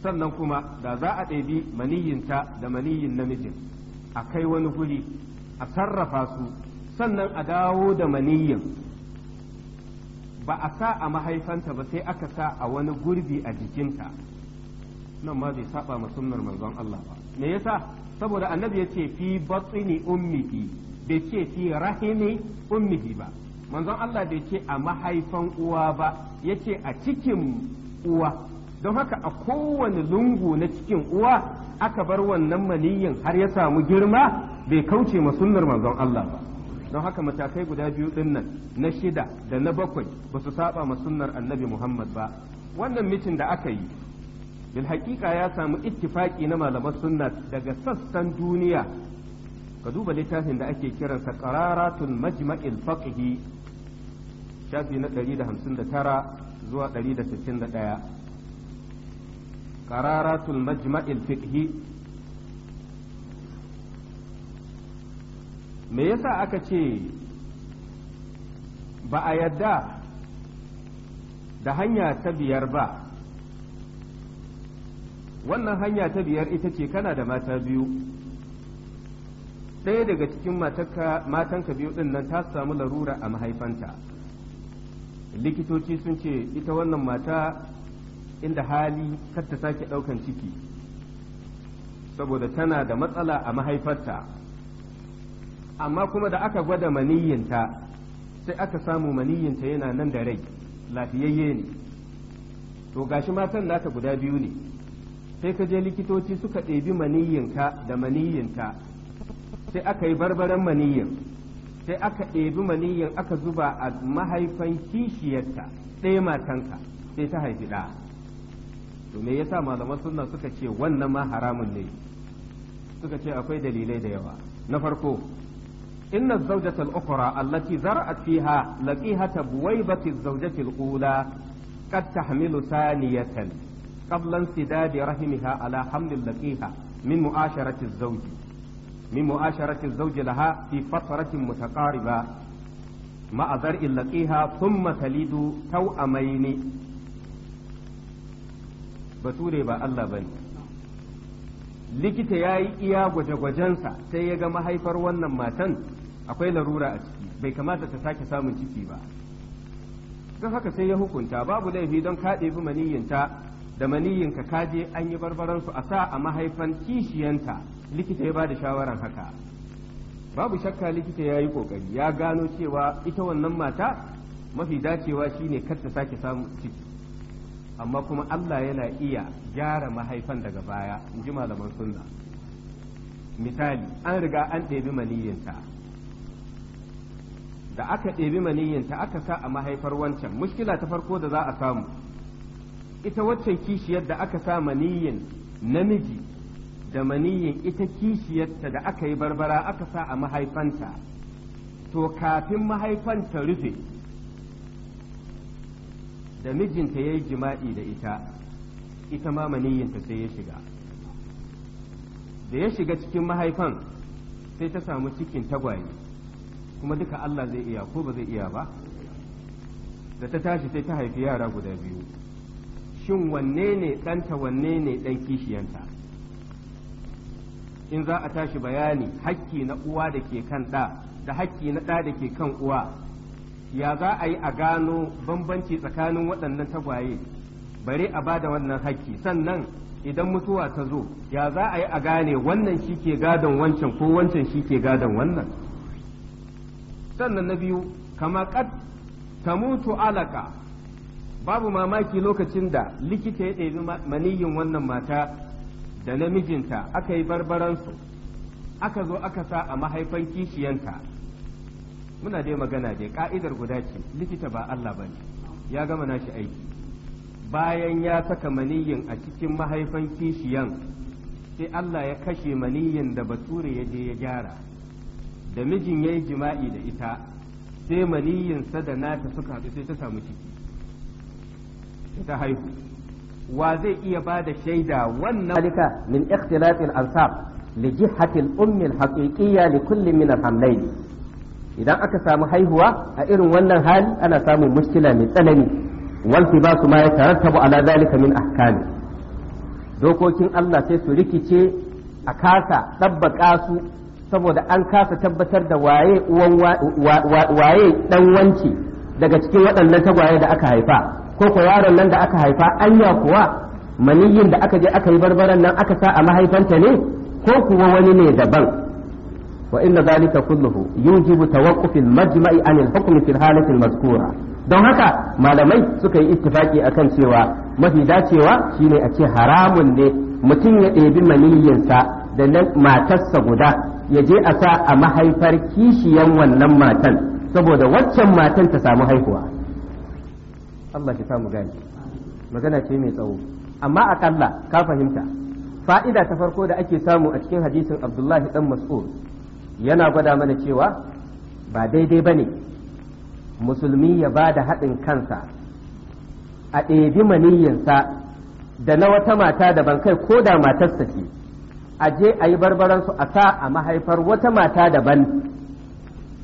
sannan kuma da za a ɗebi maniyinta da maniyyin namijin a kai wani guri a sarrafa su sannan a dawo da maniyyin ba a sa a mahaifanta ba sai aka sa a wani gurbi a jikinta nan ma bai saba ma sunnar manzon Allah ba me yasa saboda annabi yace fi batni ummihi bai ce fi rahimi ummihi ba manzon Allah bai ce a mahaifan uwa ba yace a cikin uwa don haka a kowane lungu na cikin uwa aka bar wannan maniyin har ya samu girma bai kauce ma sunnar manzon Allah ba don haka matakai guda biyu din nan na shida da na bakwai ba su saba ma sunnar annabi Muhammad ba wannan mitin da aka yi bil haƙiƙa ya samu ittifaki na malaman sunna daga sassan duniya ka duba littafin da ake kiransa qararatun majma'il faqihi shafi na 159 zuwa 161 qararatun majma'il fiqhi me yasa aka ce ba a yadda da hanya ta biyar ba wannan hanya ta biyar ita ce kana da mata biyu ɗaya daga cikin matanka biyu ɗin nan ta samu larura a mahaifanta likitoci sun ce ita wannan mata inda hali kar ta sake ɗaukan ciki saboda tana da matsala a mahaifarta amma kuma da aka gwada maniyyinta sai aka samu maniyinta yana nan da rai lafiyayye ne to gashi matan nata guda biyu ne sai ka je likitoci suka ɗebi maniyinka da maniyinta sai aka yi barbaran maniyyin sai aka ɗebi maniyyin aka zuba a mahaifan kishiyarta ɗaya matanka sai ta haifi ɗa to me yasa malaman sunna suka ce wannan ma haramun ne suka ce akwai dalilai da yawa na farko إن الزوجة الأخرى التي زرعت فيها لقيها بويبة الزوجة الأولى قد تحمل ثانية قبل انسداد رحمها على حمل لقيها من مؤاشرة الزوج من مؤاشرة الزوج لها في فترة متقاربة مع زرع لقيها ثم تلد توأمين bature ba Allah ba ne likita ya yi iya gwaje-gwajensa sai ya ga mahaifar wannan matan akwai larura a ciki bai kamata ta sake samun ciki ba don haka sai ya hukunta babu laifi don ka ɗebi maniyyinta da ka kaje an yi barbaransu a sa a mahaifan kishiyanta likita ya ba da shawaran haka babu shakka likita ya yi ƙoƙari ya gano cewa ita wannan mata mafi dacewa shine kar ta sake samun ciki amma kuma Allah yana iya gyara mahaifan daga baya in ji malaman sunna misali an riga an ɗebi maniyyinta da aka ɗebi maniyyanta aka sa a mahaifar wancan mushkila ta farko da za a samu ita waccan kishiyar da aka sa maniyyin namiji da maniyyin ita kishiyarta da aka yi barbara aka sa a mahaifanta to kafin mahaifanta rufe da mijinta ya yi jima'i da ita ita ma maniyyinta sai ya shiga da ya shiga cikin mahaifan sai ta samu cikin tagwaye kuma duka Allah zai iya ko ba zai iya ba da ta tashi sai ta haifi yara guda biyu shin wanne ne ɗanta wanne ne ɗan kishiyanta in za a tashi bayani hakki na uwa da ke kan ɗa da hakki na ɗa da ke kan uwa ya za a yi a gano bambanci tsakanin waɗannan tagwaye bare a ba da wannan hakki sannan idan mutuwa ta zo ya za a yi a gane wannan shi ke gadon wancan ko wancan shi ke gadon wannan sannan na biyu kama kad mutu alaka babu mamaki lokacin da likita ya ɗabi maniyin wannan mata da namijinta aka yi barbaransu aka zo aka sa a mahaifan kishiyanta muna dai magana dai ka'idar guda ce likita ba Allah ba ne ya gama nashi aiki bayan ya saka maniyin a cikin mahaifan kishiyan sai Allah ya kashe maniyin da bature ya je ya gyara da mijin ya yi jima'i da ita sai maniyinsa da nata suka haɗu sai ta samu ciki ta haihu wa zai iya ba da shaida wannan halika min ikhtilafil ansab li jihatil ummi al-haqiqiyya li kulli min al-hamlayn idan aka samu haihuwa a irin wannan hali ana samun mushkila mai tsanani wal ba su ma ya tarattabu ala zalika min ahkami dokokin Allah sai su rikice a kasa dabbaka su saboda an kasa tabbatar da waye uwan waye dan wanci daga cikin waɗannan tagwaye da aka haifa ko ko yaron nan da aka haifa anya kuwa maniyin da aka je aka yi barbaran nan aka sa a mahaifanta ne ko kuwa wani ne daban wa inna zalika kulluhu yujibu tawaqqufil majma'i anil hukmi fil halati mazkura don haka malamai suka yi ittifaki akan cewa mafi dacewa shine a ce haramun ne mutum ya ɗebi maniyinsa da matarsa guda ya je a sa a mahaifar kishiyan wannan matan saboda waccan matan ta samu haihuwa Allah shi samu gani magana ce mai tsawo amma akalla ka fahimta fa'ida ta farko da ake samu a cikin hadisin Abdullahi dan Mas'ud yana gwada mana cewa ba daidai bane musulmi ya ba da haɗin kansa a ɗebi maniyyinsa da na wata mata daban kai ko da matarsa ce a je a yi barbaransu a sa a mahaifar wata mata daban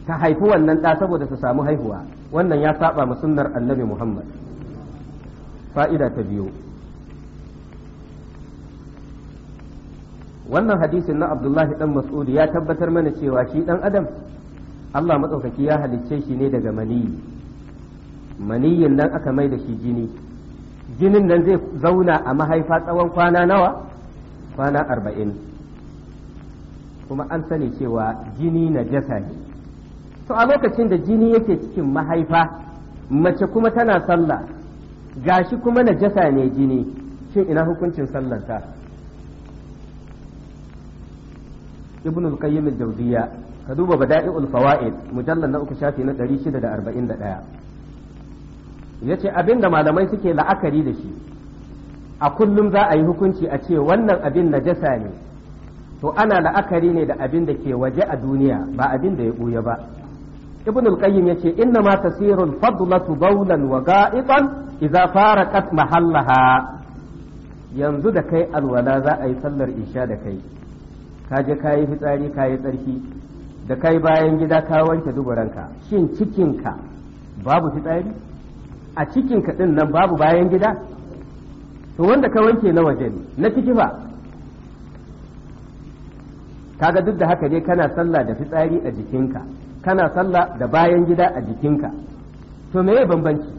ta haifi wannan ɗa saboda su samu haihuwa wannan ya saba ma sunnar annabi muhammad fa'ida ta biyu wannan hadisin na abdullahi dan mas'ud ya tabbatar mana cewa shi dan adam allah matsaukaki ya halicce shi ne daga maniyi maniyin nan aka mai da shi jini jinin nan zai zauna a mahaifa tsawon kwana nawa kwana arba'in kuma an sani cewa jini na jasa ne to a lokacin da jini yake cikin mahaifa mace kuma tana sallah gashi kuma na jasa ne jini shin ina hukuncin sallanta ibn al-qayyim al-jawziya ka duba bada'i'ul fawaid mujallal na uku shafi na 641 yace abinda malamai suke la'akari da shi a kullum za a yi hukunci a ce wannan abin najasa ne to ana la'akari ne da abin da ke waje a duniya ba abin da ya buya ba ibn al-qayyim yace inna ma tasirul fadlatu bawlan wa ga'iqan idza faraqat mahallaha yanzu da kai alwala za a yi sallar isha da kai ka je ka yi fitsari ka yi tsarki da kai bayan gida ka wanke duburanka shin cikinka babu fitsari a cikinka din nan babu bayan gida to wanda ka wanke na waje ne na ciki fa kaga duk da haka ne kana sallah da fitsari a jikinka kana sallah da bayan gida a jikinka to meye bambanci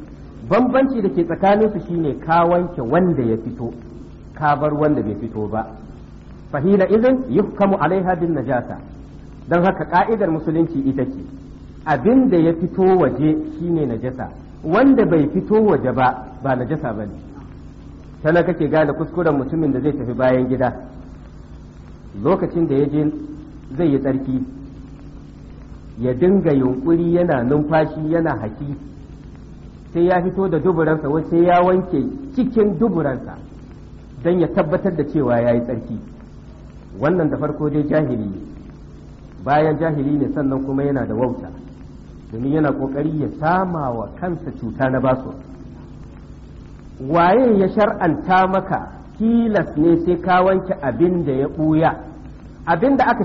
bambanci da ke tsakanin su shine ka wanke wanda ya fito ka bar wanda bai fito ba fahina izin yukamu alaiha bin najasa don haka ka'idar musulunci ita ce abin da ya fito waje shine najasa wanda bai fito waje ba ba najasa bane ta kake gane kuskuren mutumin da zai tafi bayan gida lokacin da ya je zai yi tsarki ya dinga yunkuri yana numfashi yana haki sai ya fito da duburansa wai sai ya wanke cikin duburansa don ya tabbatar da cewa ya yi tsarki wannan da farko dai jahili ne bayan jahili ne sannan kuma yana da wauta domin yana kokari ya sama wa kansa cuta na basu waye ya shar'anta maka tilas ne sai ka wanke abin da ya ɓuya abin da aka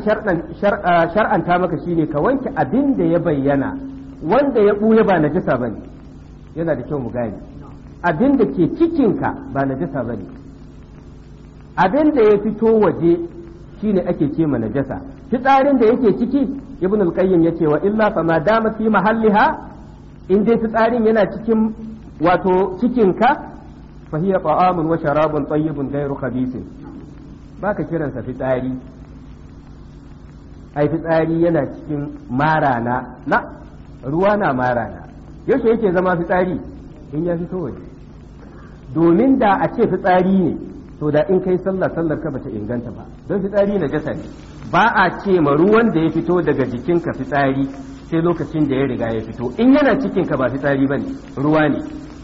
shar'anta maka shine ka wanke abin da ya bayyana wanda ya ɓuya ba najisa ba ne yana da kyau mu gane abin da ke cikinka ba najisa ba ne abin da ya fito waje shine ake ce ma najasa fitsarin da yake ciki ibn al-qayyim yace wa illa fa ma dama fi mahalliha in dai fitsarin yana cikin wato cikinka fa hiya ta'amun wa sharabun tayyibun ghayru khabithin baka kiransa fitsari ai fitsari yana cikin marana ruwa na marana yaushe yake zama fitsari in ya fito waje domin da a ce fitsari ne to da in kai sallah sallar ka bata inganta ba don fitsari na jasa ne ba a ce ma ruwan da ya fito daga jikinka fitsari sai lokacin da ya riga ya fito in yana cikin ka ba fitsari bane ruwa ne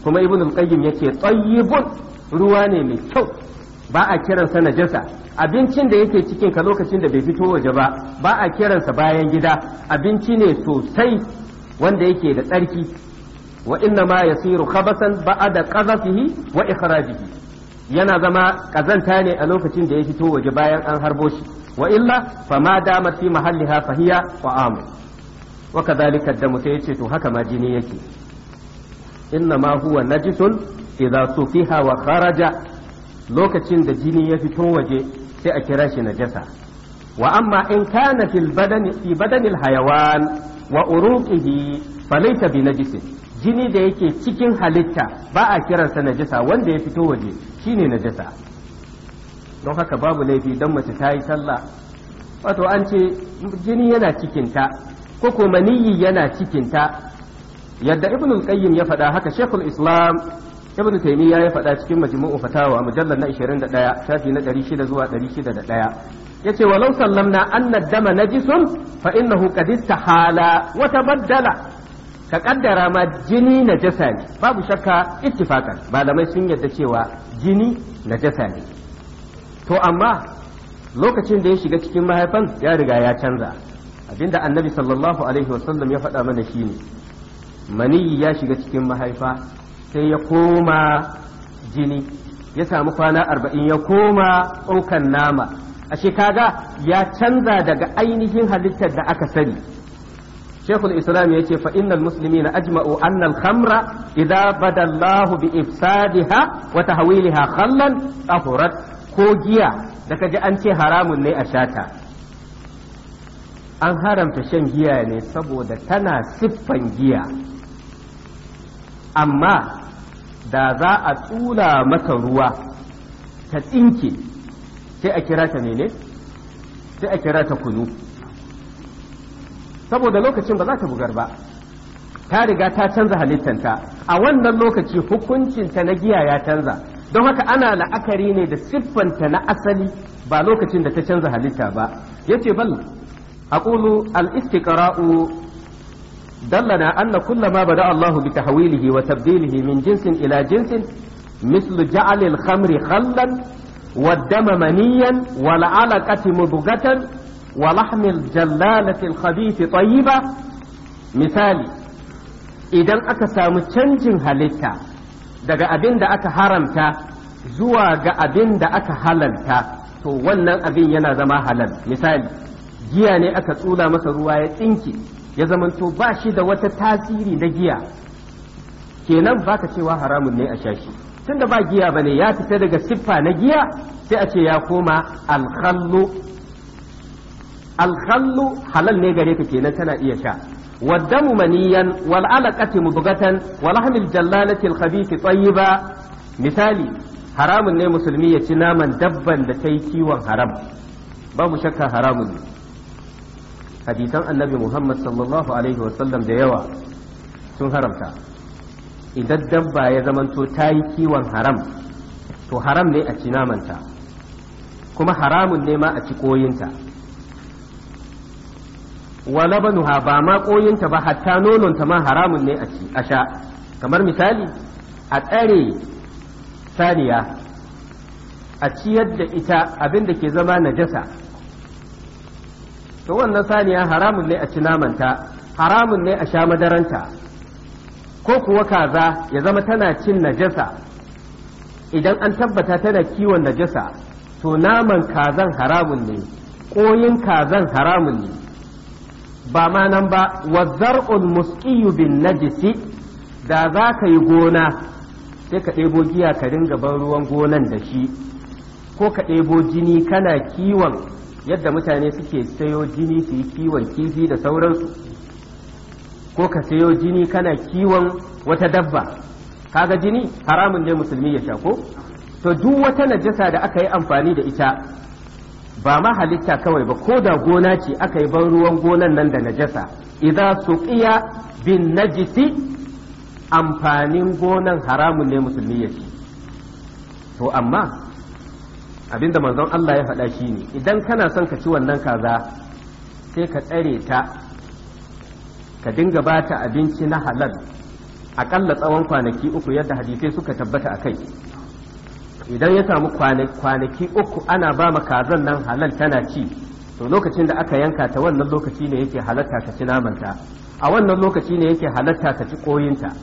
kuma ibn al-qayyim yake tayyibun ruwa ne mai kyau ba a kiransa najasa abincin da yake cikin ka lokacin da bai fito waje ba ba a kiransa bayan gida abinci ne sosai wanda yake da tsarki wa inna ma yasiru khabasan ba'da qadhafihi wa ikhrajihi yana zama kazanta ne a lokacin da ya fito waje bayan an harbo shi wa illa fama damat fi mahalliha fahiya wa amu wa kadhalika damu sai to haka ma jini yake inna ma huwa najisun idza sufiha wa kharaja lokacin da jini ya fito waje sai a kira shi najasa wa amma in kana fil badani fi badanil hayawan wa uruqihi falaysa bi najisin jini da yake cikin halitta ba a kiransa najasa wanda ya fito waje shine najasa don haka babu laifi dan mace ta yi sallah wato an ce jini yana cikin ko ko maniyyi yana cikin ta. yadda ibn qayyim ya faɗa haka shekul islam ibn taymiya ya faɗa cikin majmu'u fatawa mujallar na 21 shafi na 600 zuwa 601 yace walau sallamna anna dama najisun fa innahu qad istahala wa tabaddala ka kaddara ma jini najasa ne babu shakka ittifaqan malamai sun yadda cewa jini najasa ne to amma lokacin da ya shiga cikin mahaifan ya riga ya canza abinda annabi sallallahu alaihi wasallam ya faɗa mana shine maniyi ya shiga cikin mahaifa sai ya koma jini ya samu kwana arba'in ya koma ɗaukan nama a kaga ya canza daga ainihin halittar da aka sani shekul islam ya ce fa innal na ajma'u annal khamra idza badallahu bi ifsadiha wa tahwiliha khallan tahurat ko giya da kaji an ce haramun ne a shata an haramta shan giya ne saboda tana siffan giya amma da za a tsula mata ruwa ta tsinke sai a kira ta mene sai a kira ta kunu saboda lokacin ba za ta bugar ba ta riga ta canza halittanta a wannan lokaci hukuncinta na giya ya canza don haka ana la'akari ne da siffanta na asali ba lokacin da ta canza halitta ba yace bal aqulu al-istiqra'u دلنا أن كل ما بدأ الله بتحويله وتبديله من جنس إلى جنس مثل جعل الخمر خلا والدم منيا والعلقة مضغة ولحم الجلالة الخبيث طيبة misali idan aka samu canjin halitta daga abin da aka haramta zuwa ga abin da aka halalta to wannan abin yana zama halal misali giya ne aka tsula masa ruwa ya tsinki ya zamanto ba shi da wata tasiri na giya kenan baka cewa haramun ne a shashi tunda ba giya ne ya fita daga siffa na giya sai a ce ya koma alkhallu halal ne gare ka kenan kana iya sha والدم منيا والعلقة مضغة ولحم الجلالة الخبيث ba misali haramun ne musulmi ya ci naman dabban da ta yi kiwon haram babu shakka haramun ne hadisan annabi muhammad sallallahu alaihi wasallam da yawa sun haramta idan dabba ya zamanto ta yi kiwon haram to haram ne a ci namanta kuma haramun ne ma a ci koyinta wala ha ba ma koyinta ba hatta ta ma haramun ne a ci a sha kamar misali a tsare saniya a ciyar da ita abinda ke zama najasa to wannan saniya haramun ne a ci namanta haramun ne a sha madaranta ko kuwa kaza ya zama tana cin najasa idan an tabbata tana kiwon najasa to naman kazan haramun ne koyin kazan haramun ne ba ma nan ba wa zar'un musqiyu bin najisi da za ka yi gona sai ka ɗebo giya ka dinga ban ruwan gonan da shi ko ka ɗebo jini kana kiwon yadda mutane suke sayo jini su yi kiwon kifi da sauransu ko ka sayo jini kana kiwon wata dabba kaga jini haramun ne musulmi ya shako. to duk wata najasa da aka yi amfani da ita ba ma halitta kawai ba ko da gona ce aka yi ban ruwan gonan nan da najasa idza suqiya bin najisi amfanin gonan haramun ne musulmi ya shi to amma abinda manzon Allah ya faɗa shi ne idan kana son ka ci wannan kaza sai ka tsare ta ka dinga ba ta abinci na halal aƙalla tsawon kwanaki uku yadda hadisai suka tabbata a kai idan ya samu kwanaki uku ana ba ma kazan nan halal tana ci to lokacin da aka yanka ta wannan lokaci ne yake halatta ka ci namanta a wannan lokaci ne yake halatta ka ci koyinta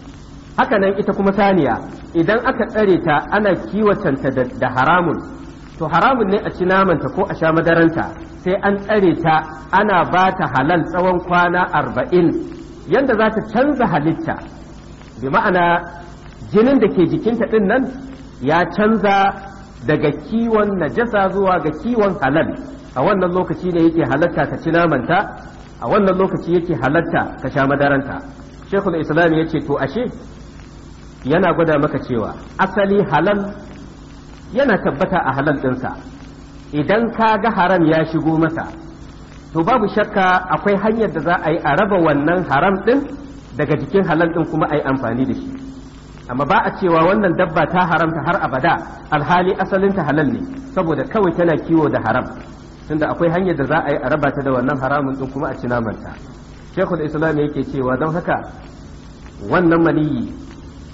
haka nan ita kuma saniya idan aka tsare ta ana kiwatanta da haramun to haramun ne a ci namanta ko a sha madaranta sai an tsare ta ana ba ta halal tsawon kwana arba'in yadda za ta canza halitta bi ma'ana jinin da ke jikinta ɗin nan ya canza daga kiwon najasa zuwa ga kiwon halal a wannan lokaci ne yake halatta ka ci namanta a wannan lokaci yake halatta ka sha madaranta shekul islam ya ce to ashe yana gwada maka cewa asali halal yana tabbata a halal ɗinsa idan ka ga haram ya shigo masa to babu shakka akwai hanyar da za a yi a raba wannan haram ɗin daga jikin halal ɗin kuma a yi amfani da shi amma ba a cewa wannan dabba ta haramta har abada alhali asalinta halal ne saboda kawai tana kiwo da haram tunda akwai hanyar da za a yi a raba ta da wannan haramun ɗin kuma a ci namanta shekul islam yake cewa don haka wannan maniyi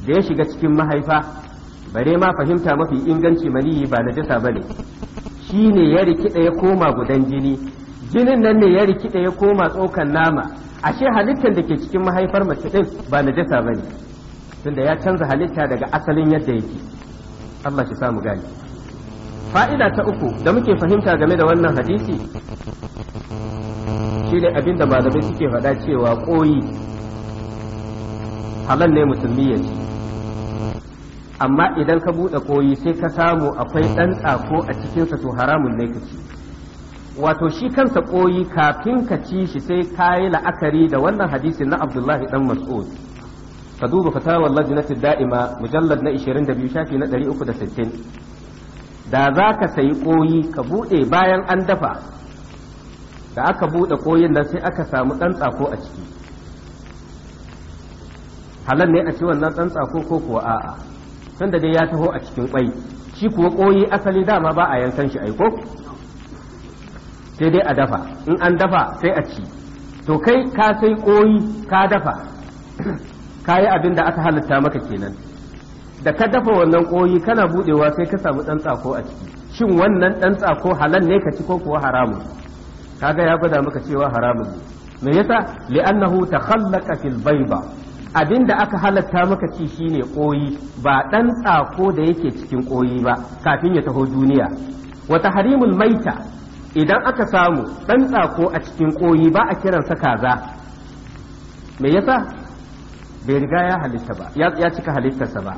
da ya shiga cikin mahaifa bare ma fahimta mafi inganci maniyi ba na ne bane ne ya rikida ya koma gudan jini jinin nan ne ya rikida ya koma tsokan nama ashe halittar da ke cikin mahaifar mace din ba na najasa bane tunda ya canza halitta daga asalin yadda yake Allah shi samu gani fa'ida ta uku da muke fahimta game da wannan hadisi shi ne abin da malamai suke faɗa cewa koyi halal ne musulmi ya ci amma idan ka buɗe koyi sai ka samu akwai ɗan tsako a cikinsa to haramun ne ka ci wato shi kansa koyi kafin ka ci shi sai ka yi la'akari da wannan hadisin na abdullahi dan mas'ud ka duba fatawar lajinati da'ima mujallar na 22 shafi na 360 da za ka sayi koyi ka buɗe bayan an dafa da aka buɗe koyin nan sai aka samu ɗan tsako a ciki halal ne a ci wannan ɗan tsako ko kuwa a'a sanda dai ya taho a cikin kwai shi kuwa koyi asali dama ba a yankan shi aiko sai dai a dafa in an dafa sai a ci to kai ka sai koyi ka dafa ka yi abin da aka halitta maka kenan da ka dafa wannan koyi kana budewa sai ka samu dan tsako a ciki shin wannan dan tsako halal ne ka ci ko kuwa haramun kaga ya gwada maka cewa haramun ne me yasa li'annahu takhallaqa fil bayda abin da aka halatta maka ci shine koyi ba ɗan tsako da yake cikin koyi ba kafin ya taho duniya wata harimul maita idan aka samu ɗan tsako a cikin koyi ba a kiransa kaza me yasa bai riga ya halitta ba ya cika halittarsa ba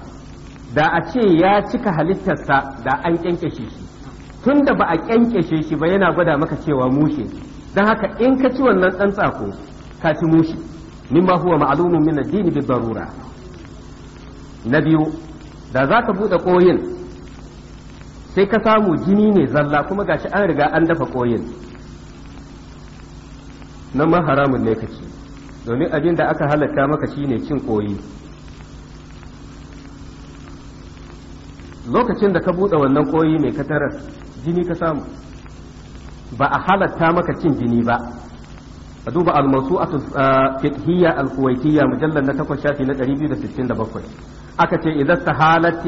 da a ce ya cika halittarsa da an kyankyashe shi tun da ba a kyankyashe shi ba yana gwada maka cewa mushe don haka in ka ci wannan ɗan tsako ka ci mushe mimma huwa ma'lumun min ad-din na biyu da zaka bude koyin sai ka samu jini ne zalla kuma gashi an riga an dafa koyin nan ma haramun ne kaci domin abin da aka halatta maka shine cin koyi lokacin da ka bude wannan koyi mai katarar jini ka samu ba a halatta maka cin jini ba Ka duba al-mawsu'atu ah, fiqhiyya al-kuwaitiyya mujallal na 8 shafi na 267 aka ce idan sahalat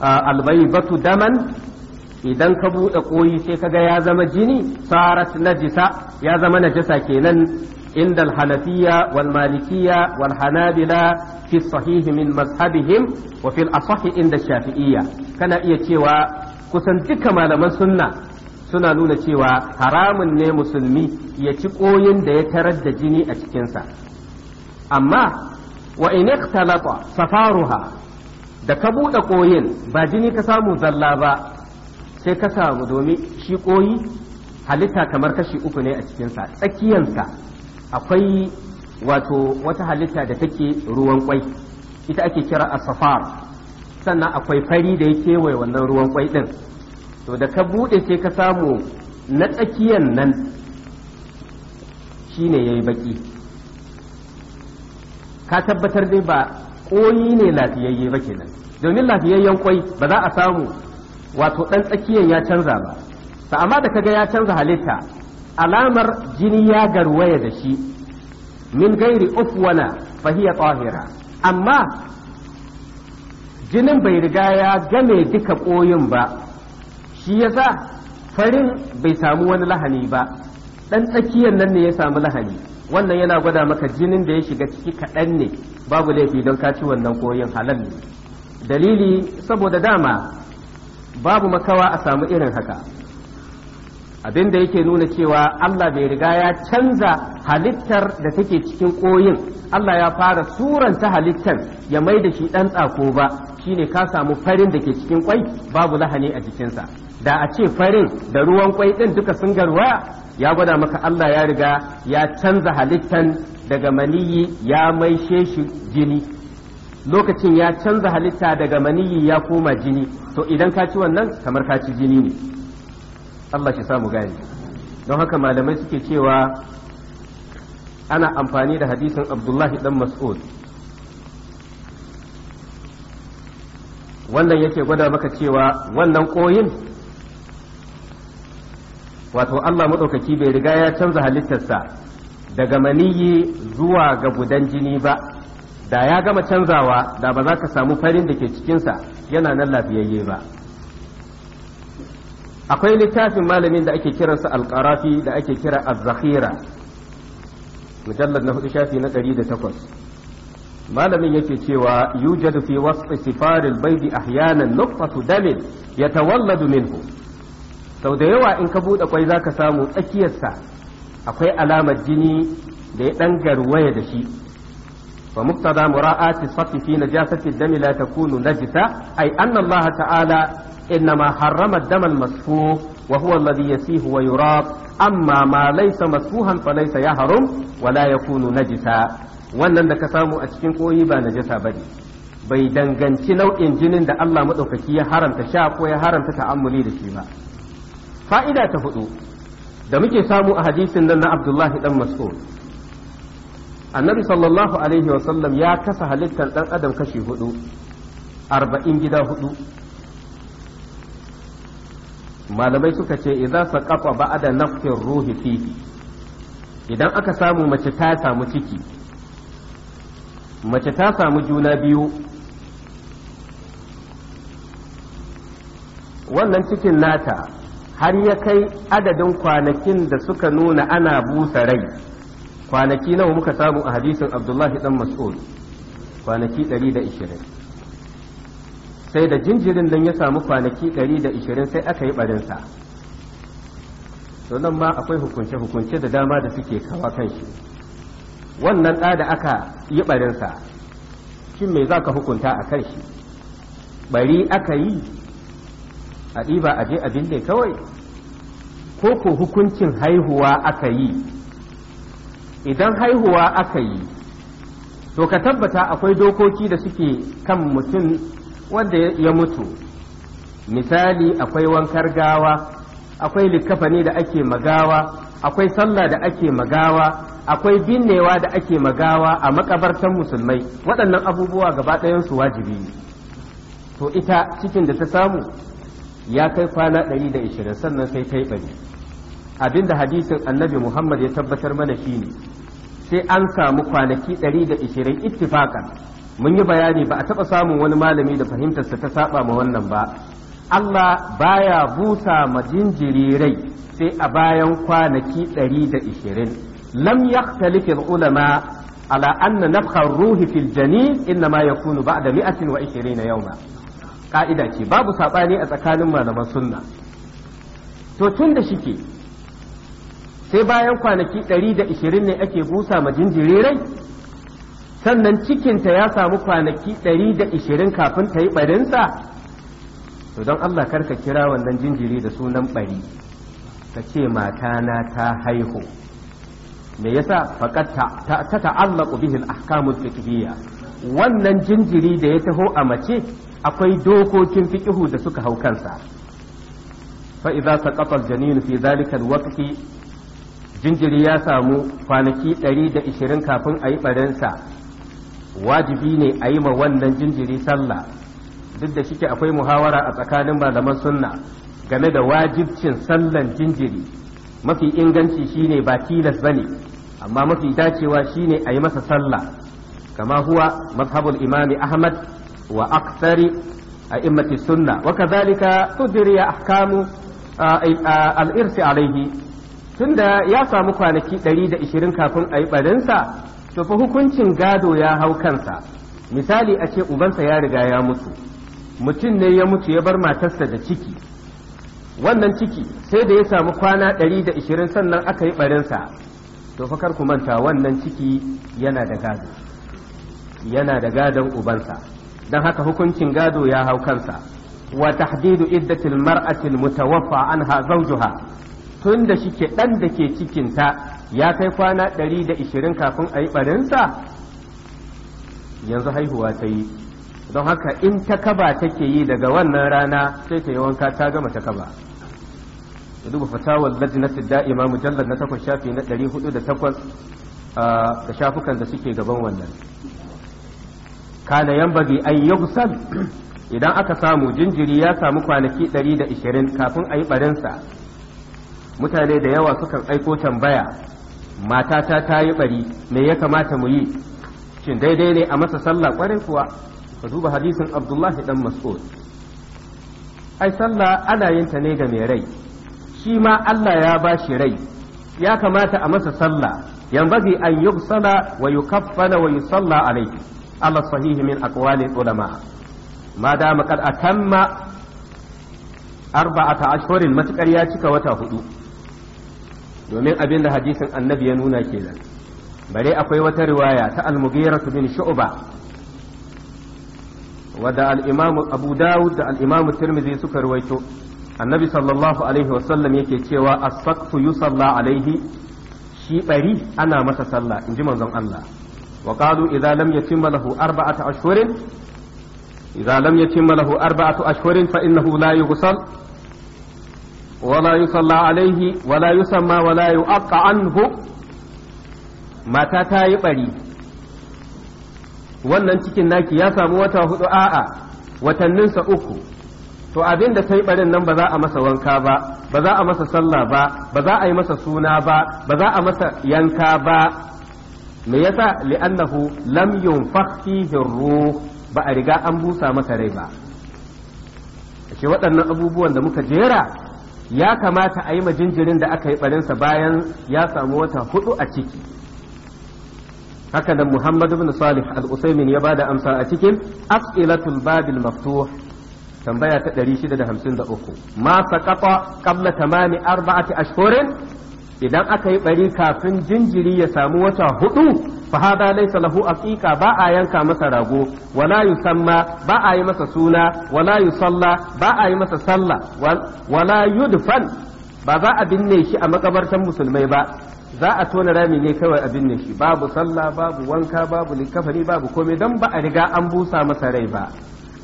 ah, al-baybatu daman idan ka buɗe koyi sai kaga ya zama jini sarat najisa ya zama najasa kenan عند الحنفية والمالكية والحنابلة في الصحيح من مذهبهم وفي الأصح عند الشافعية كان إيه كيوا كسن تكما لمن سنة suna nuna cewa haramun ne musulmi ya ci ƙoyin da ya tarar da jini a cikinsa amma wa in ikhtalata safaruha da ka buɗe koyin ba jini ka samu zalla ba sai ka samu domin shi ƙoyi. halitta kamar kashi uku ne a cikinsa tsakiyansa akwai wato wata halitta da take ruwan kwai ita ake kira a safar sannan akwai fari da ya kewaye wannan ruwan kwai din. to da ka buɗe sai ka samu na tsakiyan nan shine yi baki ka tabbatar dai ba koyi ne lafiyayye ba kenan domin lafiyayyen kwai ba za a samu wato ɗan tsakiyan ya canza ba ta amma da kaga ya canza halitta alamar jini ya garwaya da shi min gairi uku wana fahiya tsohira amma jinin bai riga ya game duka ƙoyin ba shi yasa farin bai samu wani lahani ba ɗan tsakiyar nan ne ya samu lahani wannan yana gwada maka jinin da ya shiga ciki kaɗan ne babu laifi don ka wannan koyin halal ne dalili saboda dama babu makawa a samu irin haka abin da yake nuna cewa Allah bai riga ya canza halittar da take cikin koyin Allah ya fara suranta halittar ya mai da shi ɗan tsako ba shine ka samu farin da ke cikin kwai babu lahani a jikinsa da a ce farin da ruwan kwai din duka sun garwa ya gwada maka Allah ya riga ya canza halittan daga maniyi ya maishe shi jini lokacin ya canza halitta daga maniyi ya koma jini to idan ka ci wannan kamar ka ci jini ne Allah shi samu gani don haka malamai suke cewa ana amfani da hadisin abdullahi dan mas'ud wannan yake gwada maka cewa wannan koyin wato Allah maɗaukaki bai riga ya canza halittarsa daga maniyyi zuwa ga gudan jini ba da ya gama canzawa da ba za ka samu farin da ke cikinsa yana nan lafiyayye ba akwai littafin malamin da ake kiransa alƙarafi da ake kira azzakhira mujallar na hudu shafi na ɗari da takwas malamin yake cewa yujadu fi wasu sifaril baidi ahyanan nuqtatu damin yatawalladu minhu sau da yawa in ka buɗe kwai za ka samu tsakiyarsa akwai alamar jini da ya ɗan garwaya da shi fa muktada mura'ati safi fi najasati dami la takunu najisa ay anna Allah ta'ala innama harrama ad-dam al-masfuh wa huwa alladhi yasihu wa yurab amma ma laysa masfuhan fa laysa yahrum wa la yakunu najisa wannan da ka samu a cikin koyi ba najasa bane bai danganci nau'in jinin da Allah madaukaki ya haramta sha ko ya haramta ta'ammuli da shi ba fa'ida ta hudu da muke samu a hadisin nan na abdullahi dan mas'ud annabi sallallahu alaihi wasallam ya kasa halittar dan adam kashi hudu arba'in gida hudu malamai suka ce idza saqafa ba'da nafkin ruhi fihi idan aka samu mace ta samu ciki mace ta samu juna biyu wannan cikin nata har ya kai adadin kwanakin da suka nuna ana busa rai kwanaki nawa muka samu a hadisin abdullahi dan mas'ud kwanaki 120 sai da jinjirin nan ya samu kwanaki 120 sai aka yi barinsa nan ma akwai hukunce-hukunce da dama da suke kawa kan shi wannan ɗa da aka yi barinsa shin me za ka hukunta a kan shi bari aka yi a ɗiba a je abin da kawai ko ko hukuncin haihuwa aka yi idan haihuwa aka yi to ka tabbata akwai dokoki da suke kan mutum wanda ya mutu misali akwai wankar gawa akwai likafani da ake magawa akwai sallah da ake magawa akwai binnewa da ake magawa a makabartan musulmai waɗannan abubuwa gaba ɗayansu wajibi to ita cikin da ta samu ya kai kwana 120 sannan sai ta yi bari abinda hadisin annabi muhammad ya tabbatar mana shine sai an samu kwanaki 120 ittifaqan mun yi bayani ba a taɓa samun wani malami da fahimtarsa ta saba ma wannan ba Allah baya busa ma jinjirirai rai sai a bayan kwanaki 120 lam yaktalif ulama ala anna nafkha ruhi fil janin inma yakunu ba'da 120 yawma ka'ida ce babu saɓani a tsakanin malaman sunna to tun da shi ke sai bayan kwanaki da ishirin ne ake busa ma jinjiri rai sannan cikinta ya samu kwanaki 120 kafin ta yi barinsa to don Allah karka kira wannan jinjiri da sunan ɓari ka ce matana ta haihu me yasa faƙar ta ta'allaqu bihi al-ahkamu al-fiqhiyya wannan jinjiri da ya taho a mace akwai dokokin fiqihu da suka hau kansa fa idza saqata al-janin fi dhalika al jinjiri ya samu kwanaki 120 kafin a yi barinsa wajibi ne a yi ma wannan jinjiri sallah duk da shike akwai muhawara a tsakanin malaman sunna game da wajibcin sallan jinjiri mafi inganci shine ba tilas bane amma mafi dacewa shine a yi masa sallah كما هو مذهب الإمام أحمد وأكثر أئمة السنة وكذلك تدري أحكام الإرث عليه tunda ya samu kwanaki إشرين kafin أي بلنسا barinsa to fa hukuncin gado ya hau kansa misali a ce ubansa ya riga ya mutu mutum ne ya mutu ya bar matarsa da ciki wannan ciki sai da ya samu kwana 120 sannan aka yi barinsa to fa kar ku manta wannan ciki yana da gado yana da gadon ubansa don haka hukuncin gado ya hau kansa wa tahdidu iddatil mar'atil mutawaffa anha zawjuha tun da shike dan da ke cikin ta ya kai kwana 120 kafin a yi barinsa yanzu haihuwa ta yi don haka in ta kaba take yi daga wannan rana sai ta yi wanka ta gama ta kaba duba fatawar lajinatid da'ima mujallar na takwas shafi na 408 da shafukan da suke gaban wannan kana yanbaghi an yughsal idan aka samu jinjiri ya samu kwanaki 120 kafin a yi barinsa mutane da yawa sukan aiko tambaya matata ta yi bari me ya kamata mu yi shin daidai ne a masa sallah kwarai kuwa ka duba hadisin abdullahi dan mas'ud ai sallah ana yin ta ne ga mai rai shi ma Allah ya ba shi rai ya kamata a masa sallah yanbaghi an yugsala wa yukaffana wa yusalla alayhi على الصحيح من أقوال العلماء ما دام قد أتم أربعة أشهر متكر يا cika wata hudu domin abinda da hadisin annabi ya nuna ke nan bari akwai wata riwaya ta al-mughiratu bin shu'ba wadda al-imam abu dawud da al-imam tirmidhi suka ruwaito annabi sallallahu alaihi wasallam yake cewa as-saqfu yusalla alaihi shi bari ana masa sallah inji manzon Allah wa qalu idza lam lahu arba'atu ashhurin idza lam yatimma lahu arba'atu ashhurin fa innahu ولا يصلى عليه ولا يسمى ولا يؤقى عنه mata ta yi ɓari wannan cikin naki ya samu wata hudu a'a watanninsa uku to abin da ta yi ɓarin nan ba za a masa wanka ba ba za a masa sallah ba ba za a yi masa suna ba ba za a masa yanka ba me yasa li'annahu lam yunfakh fihi ruh ba a riga an busa masa rai ba ashe waɗannan abubuwan da muka jera ya kamata a yi majinjirin da aka yi barinsa bayan ya samu wata hudu a ciki haka da muhammad ibn salih al-usaimin ya bada amsa a cikin as'ilatul babil maftuh tambaya ta 653 ma saqata qabla tamami arba'ati ashhurin idan aka yi bari kafin jinjiri ya samu wata hudu fa hada laysa lahu aqiqa ba a yanka masa rago wala yusamma ba a yi masa suna wala yusalla ba a yi masa sallah wala yudfan ba za a binne shi a makabartan musulmai ba za a tona rami ne kawai a binne shi babu sallah babu wanka babu likafani babu komai dan ba a riga an busa masa rai ba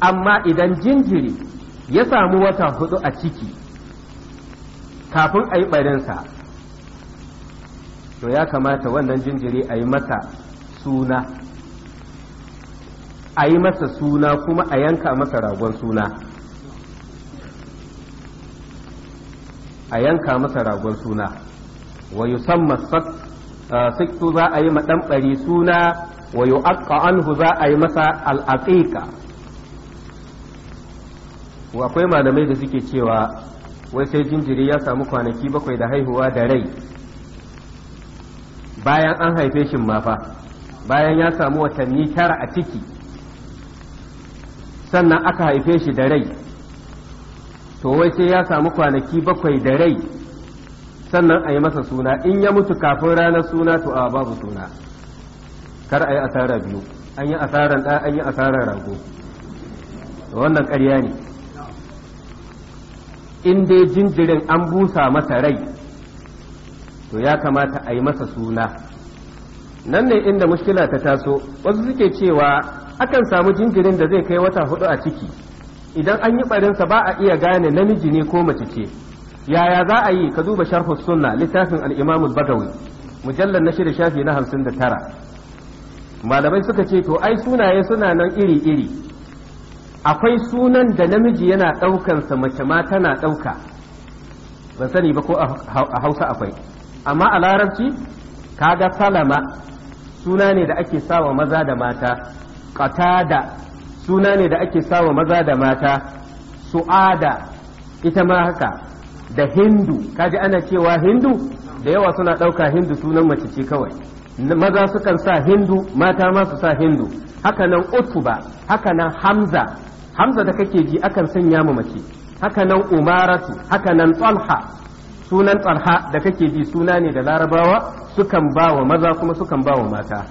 amma idan jinjiri ya samu wata hudu a ciki kafin a yi barinsa to ya kamata wannan jinjiri a yi masa suna a yi masa suna kuma a yanka masa ragon suna a yanka masa ragon suna wa yusamma uh, siktu za a yi maɗanɓari suna wa yu'aqqa anhu za a yi masa al'aqiqa wa akwai malamai da suke cewa wai sai jinjiri ya samu kwanaki bakwai da haihuwa da rai bayan an haife shi ma fa bayan ya samu watanni tara a ciki sannan aka haife shi da rai to wai sai ya samu kwanaki bakwai da rai sannan a yi masa suna in ya mutu kafin ranar suna to a babu suna kar a yi asara biyu an yi asaran ɗaya an yi asaran rago wannan ƙarya ne in dai jinjirin an busa masa rai to ya kamata a yi masa suna nan ne inda mushkila ta taso wasu suke cewa akan samu jinjirin da zai kai wata hudu a ciki idan an yi barinsa ba a iya gane namiji ne ko mace ce yaya za a yi ka duba sharhu sunna littafin al-imam bagawi mujallar na shida shafi na hamsin da tara malamai suka ce to ai sunaye suna nan iri-iri akwai sunan da namiji yana ɗaukansa mace ma tana ɗauka ban sani ba ko a hausa akwai amma a larabci kaga salama suna ne da ake sawa maza da mata qatada suna ne da ake sawa maza da mata su'ada ita ma haka da hindu kaji ana cewa hindu da yawa suna ɗauka hindu sunan mace ce kawai maza sukan sa hindu mata ma su sa hindu hakanan utuba hakanan hamza hamza da kake ji akan sanya mu mace hakanan umaratu hakanan talha sunan tsarha da kake ji suna ne da larabawa sukan ba wa maza kuma sukan ba wa mata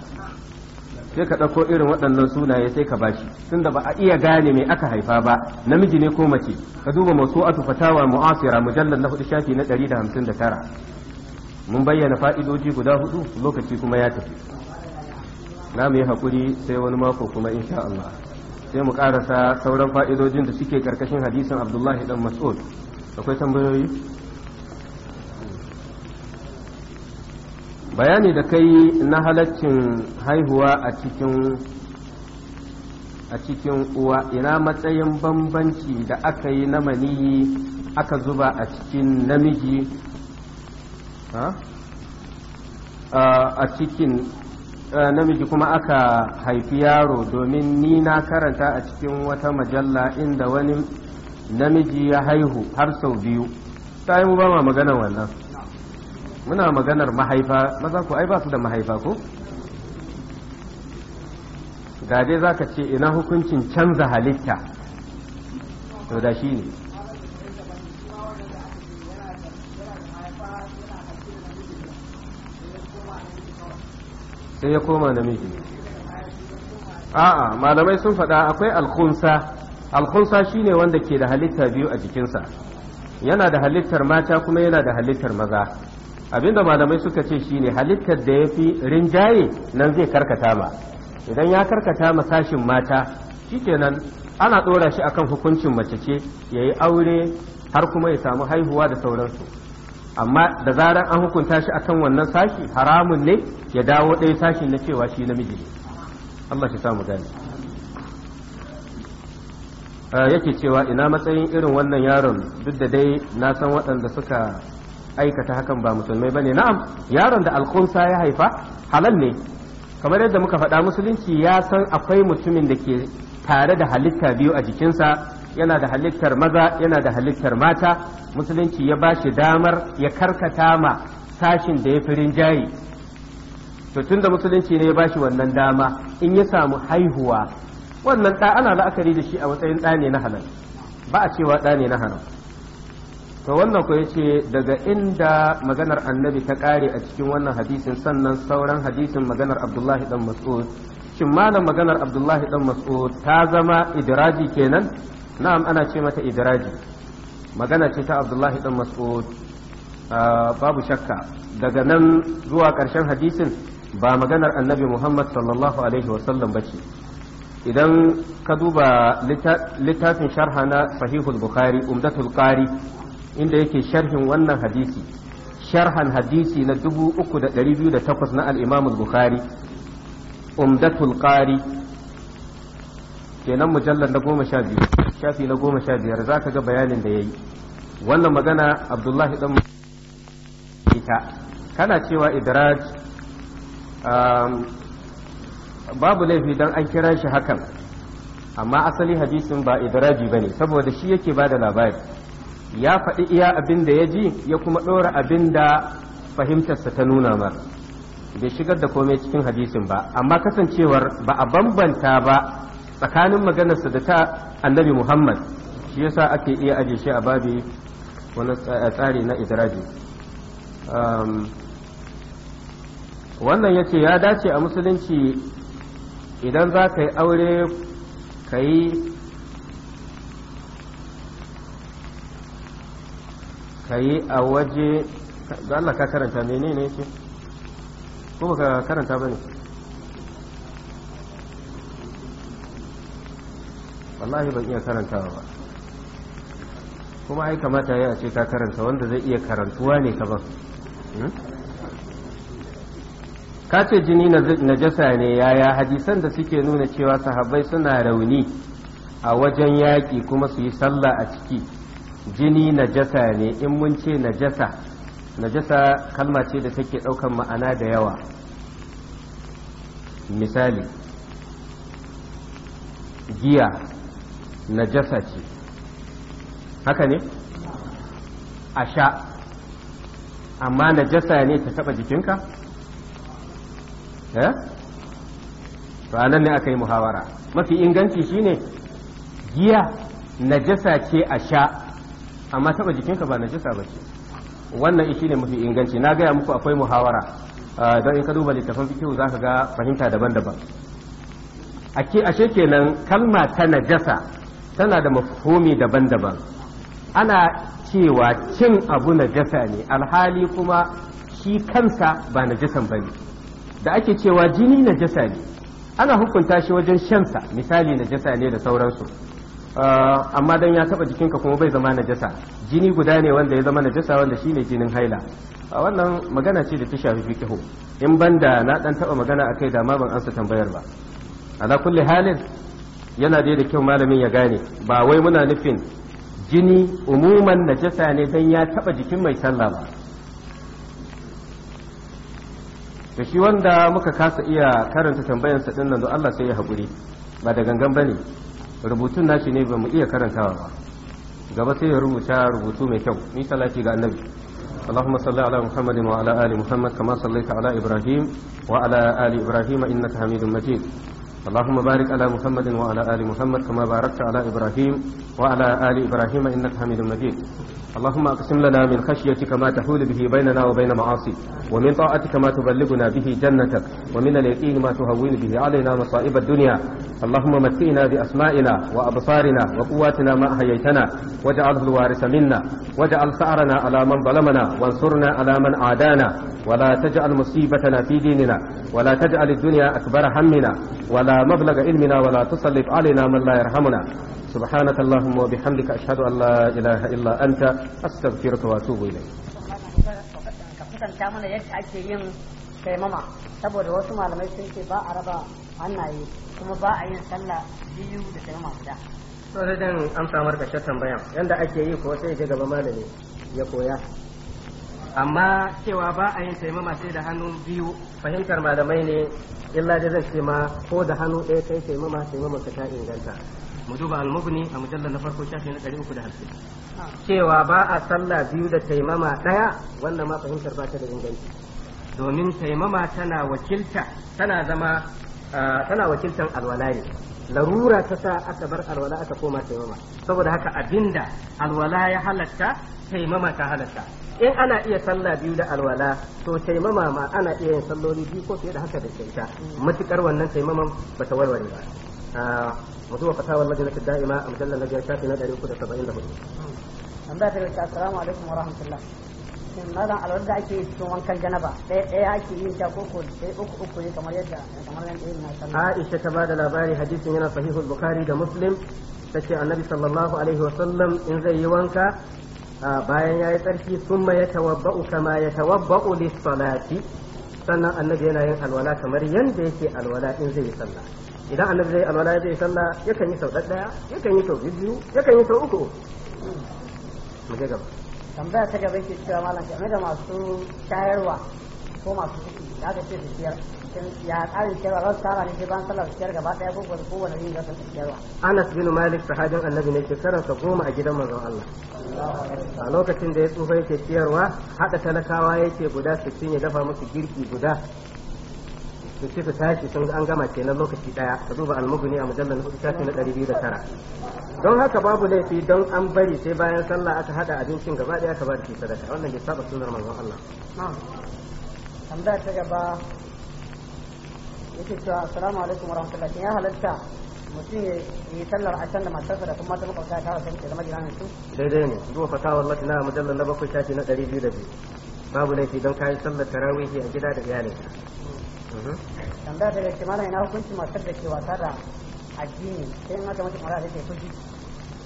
sai ka ɗauko irin waɗannan sunaye sai ka ba bashi da ba a iya gane mai aka haifa ba namiji ne ko mace ka duba masu'atu fatawa mu'asira mujallar na hudu shafi na ɗari da da hamsin tara. mun bayyana fa'idoji guda hudu lokaci kuma ya tafi na mu yi haƙuri sai wani mako kuma insha Allah sai mu ƙarasa sauran fa'idojin da suke karkashin hadisin Abdullahi dan Mas'ud akwai tambayoyi bayani da kai na halaccin haihuwa a cikin a cikin uwa ina matsayin bambanci da aka yi na maniyi aka zuba a cikin namiji a cikin namiji kuma aka haifi yaro domin ni na karanta a cikin wata majalla inda wani namiji ya haihu har sau biyu ta yi mu ba ma magana wannan muna maganar mahaifa maza ku ai ba su da mahaifa ko da dai za ka ce ina hukuncin canza halitta to da shi ne sai ya koma namiji a'a malamai sun faɗa akwai alkhunsa alkhunsa shine wanda ke da halitta biyu a jikinsa yana da halittar mata kuma yana da halittar maza abinda malamai suka ce shine halittar da ya fi rinjaye nan zai karkata ma idan ya karkata ma sashin mata kenan ana tsora shi akan hukuncin mace ce ya yi aure har kuma ya samu haihuwa da sauransu amma da zarar an hukunta shi akan wannan sashi haramun ne ya dawo ɗaya sashi na cewa shi namiji ne Allah shi samu gani eh, yake cewa ina matsayin irin wannan yaron duk da dai na san waɗanda suka aikata hakan ba musulmai bane na'am yaron da alkhunsa ya haifa halal ne kamar yadda muka faɗa musulunci ya san akwai mutumin da ke tare da halitta biyu a jikinsa yana da halittar maza yana da halittar mata musulunci ya ba shi damar ya karkata ma sashin da ya fi rinjaye to tunda da musulunci ne ya ba shi wannan dama in ya samu haihuwa wannan ɗa ana la'akari da shi a matsayin ɗa na halal ba a cewa ɗa na halal to wannan ko yace daga inda maganar annabi ta kare a cikin wannan hadisin sannan sauran hadisin maganar abdullahi dan mas'ud shin malam maganar abdullahi dan mas'ud ta zama idraji kenan na'am ana ce mata idraji magana ce ta abdullahi dan mas'ud ah, babu shakka daga nan zuwa ƙarshen hadisin ba maganar annabi muhammad sallallahu alaihi wasallam ba ce idan ka duba littafin sharha na sahihul bukhari umdatul qari inda yake sharhin wannan hadisi sharhan hadisi na 3208 na al-Imam al-Bukhari Umdatul Qari kenan mujallar na goma sha biyu shafi na goma sha biyar za ka ga bayanin da ya yi wannan magana abdullahi dan ita kana cewa idraj um, babu laifi dan an kira shi hakan amma asali hadisin ba idraji ba ne saboda shi yake ba da labari ya faɗi iya abin da ya ji ya kuma ɗora abin da fahimtarsa ta nuna mar bai shigar da komai cikin hadisin ba amma kasancewar ba a bambanta ba tsakanin maganarsa da ta annabi muhammad shi yasa ake iya aje shi a babi wani tsari na idraji um, wannan ya ce ya dace a musulunci idan za ka yi aure ka yi ka yi a waje da Allah ka karanta menene yake ko ba ka karanta ba ne wallahi ban iya karantawa ba kuma ai kamata ya ce ka karanta wanda zai iya karantuwa ne ka ban hmm? ka ce jini na najasa ne yaya hadisan da suke nuna cewa sahabbai suna rauni a wajen yaƙi kuma su yi sallah a ciki jini najasa ne in mun ce najasa najasa kalma ce da take ɗaukan ma'ana da yawa misali giya najasa ce haka ne a sha amma najasa ne ta taɓa jikinka? eh? ranar ne aka yi muhawara mafi inganci shine giya najasa ce a sha amma taba jikinka ba najasa ba ce wannan shi ne mafi inganci na gaya muku akwai muhawara ah, don in ka duba littafin fikihu za ka ga fahimta daban-daban ashe kenan kalma ta najasa tana da mafhumi daban-daban ana cewa cin abu najasa ne alhali kuma shi kansa ba najasan ba ne da ake cewa jini najasa ne ana hukunta shi wajen shansa misali najasa ne da sauransu Eh, amma dan ya taba jikinka kuma bai zama najasa jini guda ne wanda ya zama najasa wanda shine jinin haila a eh, wannan magana ce da ta shafi fiqh in banda na dan taba magana akai da ma ban ansa tambayar ba ala kulli halin yana da kyau malamin ya gane ba wai muna nufin jini umuman najasa ne dan ya taba jikin mai sallah ba da shi wanda muka kasa iya karanta tambayarsa dinnan don Allah sai ya haƙuri ba da gangan bane rubutun nashi ne ba mu iya karantawa ba gaba sai ya rubuta rubutu mai kyau ni salati ga annabi اللهم صل على محمد وعلى آل محمد كما صليت على إبراهيم وعلى آل إبراهيم إنك حميد مجيد اللهم بارك على محمد وعلى آل محمد كما باركت على إبراهيم وعلى آل إبراهيم إنك حميد مجيد اللهم اقسم لنا من خشيتك ما تحول به بيننا وبين معاصيك ومن طاعتك ما تبلغنا به جنتك ومن اليقين ما تهون به علينا مصائب الدنيا اللهم متئنا بأسمائنا وأبصارنا وقواتنا ما أحييتنا واجعله الوارث منا واجعل ثأرنا على من ظلمنا وانصرنا على من عادانا ولا تجعل مصيبتنا في ديننا ولا تجعل الدنيا أكبر همنا ولا مبلغ علمنا ولا تسلط علينا من لا يرحمنا سبحانك اللهم وبحمدك أشهد أن لا إله إلا أنت astaghfiruka wa atubu ilayk ka kusanta mana yadda ake yin taimama saboda wasu malamai sun ce ba a raba hannaye kuma ba a yin sallah biyu da taimama guda to da dan amsa marka shi tambayan yanda ake yi ko sai ya gaba malami ya koya amma cewa ba a yin taimama sai da hannu biyu fahimtar malamai ne illa da zan ce ma ko da hannu ɗaya kai taimama taimama ka ta inganta mu duba al-mughni a mujallar na farko shafi na 350 ah. cewa ba a sallah biyu da taimama daya wannan ma fahimtar ba ta da inganci domin taimama tana wakilta tana zama ah, tana wakiltan alwala ne larura ta sa aka bar alwala aka koma taimama saboda haka abinda alwala ya halatta taimama ta halatta in ana iya sallah biyu da alwala to taimama ma ana iya yin salloli biyu ko fiye da haka da kyauta hmm. matukar wannan taimaman bata warware ba موضوع فتاوى اللجنة الدائمة المجلة الذي شافي نادى يوكو السبعين له tambaya ta gaske assalamu alaikum wa rahmatullah shin malam alwar da ake yi cikin wankan janaba ɗaya ɗaya ake yin ta ko ko ɗaya uku uku ne kamar yadda kamar yadda yin na sallah Aisha ta bada labari hadisin yana sahihul bukhari da muslim tace annabi sallallahu alaihi wa sallam in zai yi wanka bayan ya yi tsarki summa ya tawabba'u kama ya tawabba'u lis sannan annabi yana yin alwala kamar yadda yake alwala in zai yi sallah idan annabi zai alwala je sallah yakan yi sau ɗaya yakan yi sau biyu yakan yi sau uku mu je gaba tambaya ta gaba ke cewa malam amma da masu shayarwa ko masu suki da aka ce su ciyar ya tsarin ciyarwa za su tara ne ban su ciyar gaba ɗaya ko ko wani yin gasar ciyarwa Anas bin Malik sahajin annabi ne shekarar sa goma a gidan manzon Allah a lokacin da ya tsufa yake ciyarwa haɗa talakawa yake guda 60 ya dafa musu girki guda to sai ta tashi sun an gama kenan lokaci daya ka duba almuguni a mujallar hudu shafi na ɗari biyu da tara don haka babu laifi don an bari sai bayan sallah aka hada abincin gaba daya ka bada shi sadaka wannan bai saba sunnar manzon Allah da ta gaba yake cewa assalamu alaikum warahmatullahi ya halatta mutum ya yi sallar can da matarsa da kuma ta makwabta ta wasu ke zama jiranin su daidai ne duba fatawar latina a mujallar na bakwai shafi na ɗari biyu da biyu babu laifi don kayan sallar tarawihi a gida da iyalinka tambaya daga ce malam ina hukunci matar da ke wasa da addini sai in aka mata mara take fushi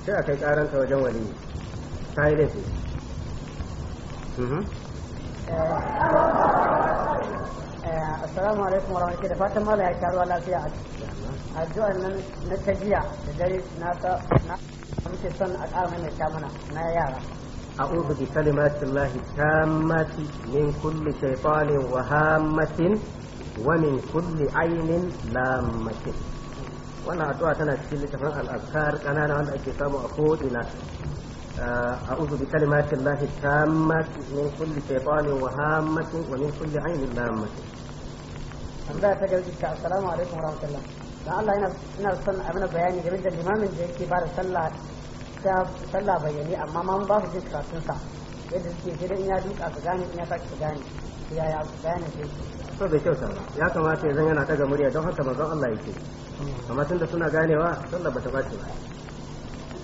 sai a kai karanta wajen wali ta yi laifi eh, eh, assalamu alaikum warahmatullahi da fatan malam ya karuwa lafiya a addu'ar nan na tajiya da dare na ta na muke son a ƙara mai ta mana na yara أعوذ بكلمات الله التامة من كل شيطان وهامة ومن كل kulli ainin lamakin wannan addu'a tana cikin littafin al'azkar kanana wanda ake samu a ko'ina أعوذ بكلمات الله التامة من كل شيطان وهامة ومن كل عين لامة ta gaba iska assalamu alaikum wa rahmatullah Allah ina ina son a mana bayani game da limamin da yake bada sallah ta sallah bayani amma ma ba su jin karatun yadda suke sai in ya duka su gane in ya saki gane ya ya da yake to bai kyauta ba ya kamata ya zan yana daga murya don haka manzon Allah yake amma tunda suna ganewa sallah bata bace ba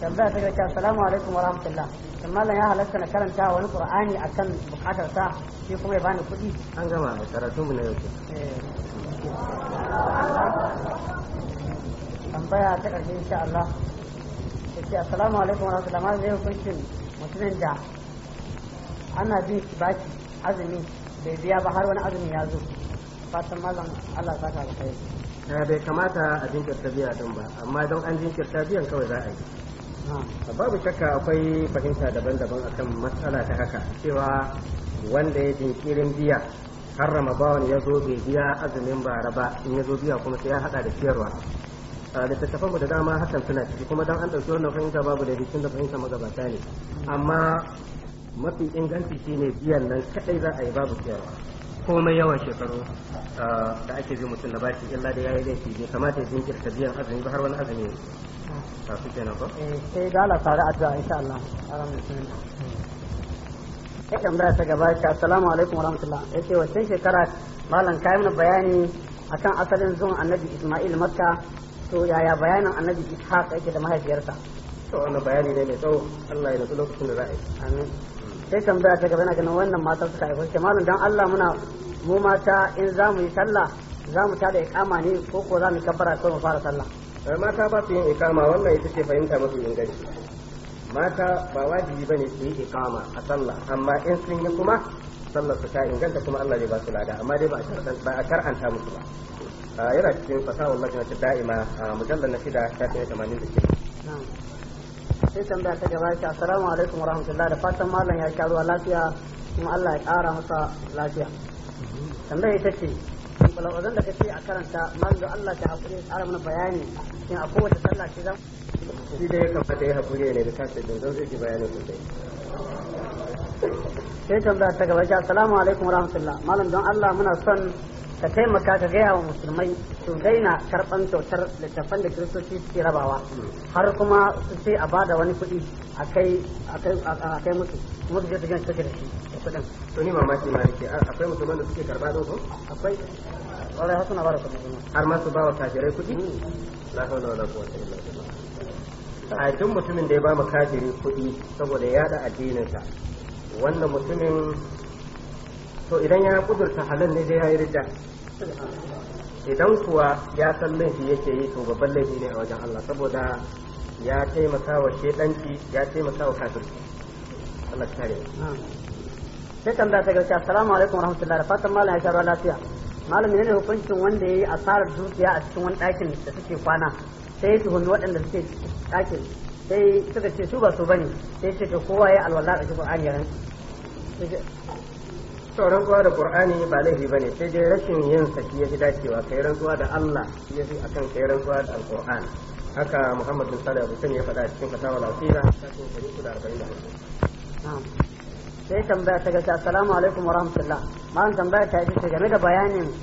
tambaya ta gaske assalamu alaikum wa rahmatullah shin mallam ya halatta na karanta wani qur'ani akan bukatar sa shi kuma ya bani kuɗi an gama da karatu mu na yau eh, tambaya ta karshe insha Allah yace assalamu alaikum wa rahmatullah mallam zai hukuncin mutumin da ana bin shi baki azumi bai biya ba har wani azumi ya zo fatan malam Allah ya saka kai eh, bai kamata a jinkirta biya din ba amma don an jinkirta biyan kawai za a yi babu shakka akwai fahimta daban-daban akan matsala ta haka cewa wanda ya jinkirin biya har ramadan ya zo bai biya azumin bara ba in ya zo biya kuma sai ya hada da ciyarwa littattafan mu da dama hakan suna ciki kuma dan an dauki wannan fahimta babu da bikin da fahimta magabata ne amma mafi inganci shine biyan nan kadai za a yi babu siyarwa mai yawan shekaru ah, da ake bi mutum da bashi illa da yayi laifi bai kamata ya jinkirta biyan azumi ba har wani azumi ta su kenan ko eh sai ga Allah tare addu'a insha Allah sai tambaya ta gaba ka assalamu alaikum warahmatullah yace wancan shekara malam kai mana bayani akan asalin zuwan annabi Isma'il Makka to yaya bayanin annabi Ishaq yake da mahaifiyarsa to wannan bayani ne mai tsawo Allah ya nutsu lokacin da za a yi amin sai tambaya ta gaba yana ganin wannan matar suka haifa ce malam dan Allah muna mu mata in za mu yi sallah za mu tada ikama ne ko ko za mu kabbara ko mu fara sallah eh, mata ba su yin ikama wannan ita ce fahimta mafi inganci mata ba wajibi ne su yi ikama a sallah amma in sun yi kuma sallar su ta inganta kuma Allah zai ba su lada amma dai ba a karanta musu ba ah, yana cikin fasahar ta da'ima a ah, mujallar na shida da 86 sai tambaya ta gaba ce assalamu alaikum warahmatullahi da fatan malam ya sha ruwa lafiya kuma Allah ya kara masa lafiya tambaya ita ce balawazan da kace a karanta malam Allah ta hakuri tsara mana bayani shin a kowace sallah ce zan shi da ya kamata ya hakuri ne da kasa da zan zai bayani dai sai tambaya ta gaba ce assalamu alaikum warahmatullahi malam don Allah muna son ka taimaka ka gaya wa musulmai su daina karban kyautar littattafan da kiristoci suke rabawa har kuma su ce a bada wani kuɗi a kai mutu kuma su je su gina suke da shi da kuɗin. to ni mamaki ma yake akwai musulman da suke karba dogo. akwai wala har suna bada kuɗi har ma su ba wa kafirai kuɗi. Mm. na haula wala quwwata illa a duk mutumin da ya ba mu kuɗi saboda ya da addininsa wannan mutumin to idan ya kudurta halin ne dai ya yi idan kuwa ya san laifi yake yi to babban laifi ne a wajen Allah saboda ya taimaka wa shedanci ya taimaka wa kafirci Allah tare sai da ta gaske assalamu alaikum warahmatullahi fatan malam ya shara lafiya malam ne hukuncin wanda yayi asarar dukiya a cikin wani ɗakin da suke kwana sai ya tuhumi waɗanda suke ɗakin sai suka ce su ba su bane sai ce to kowa ya alwala da Qur'ani ya rantsi to rantsuwa da qur'ani ba laifi ne sai dai rashin yin saki ya fi dacewa kai rantsuwa da Allah ya fi akan kai rantsuwa da alqur'an haka Muhammad bin Salih Abu ya faɗa cikin fatawa al-Asira sai tambaya ta gaci assalamu alaikum wa rahmatullah malam tambaya ta ce game da bayanin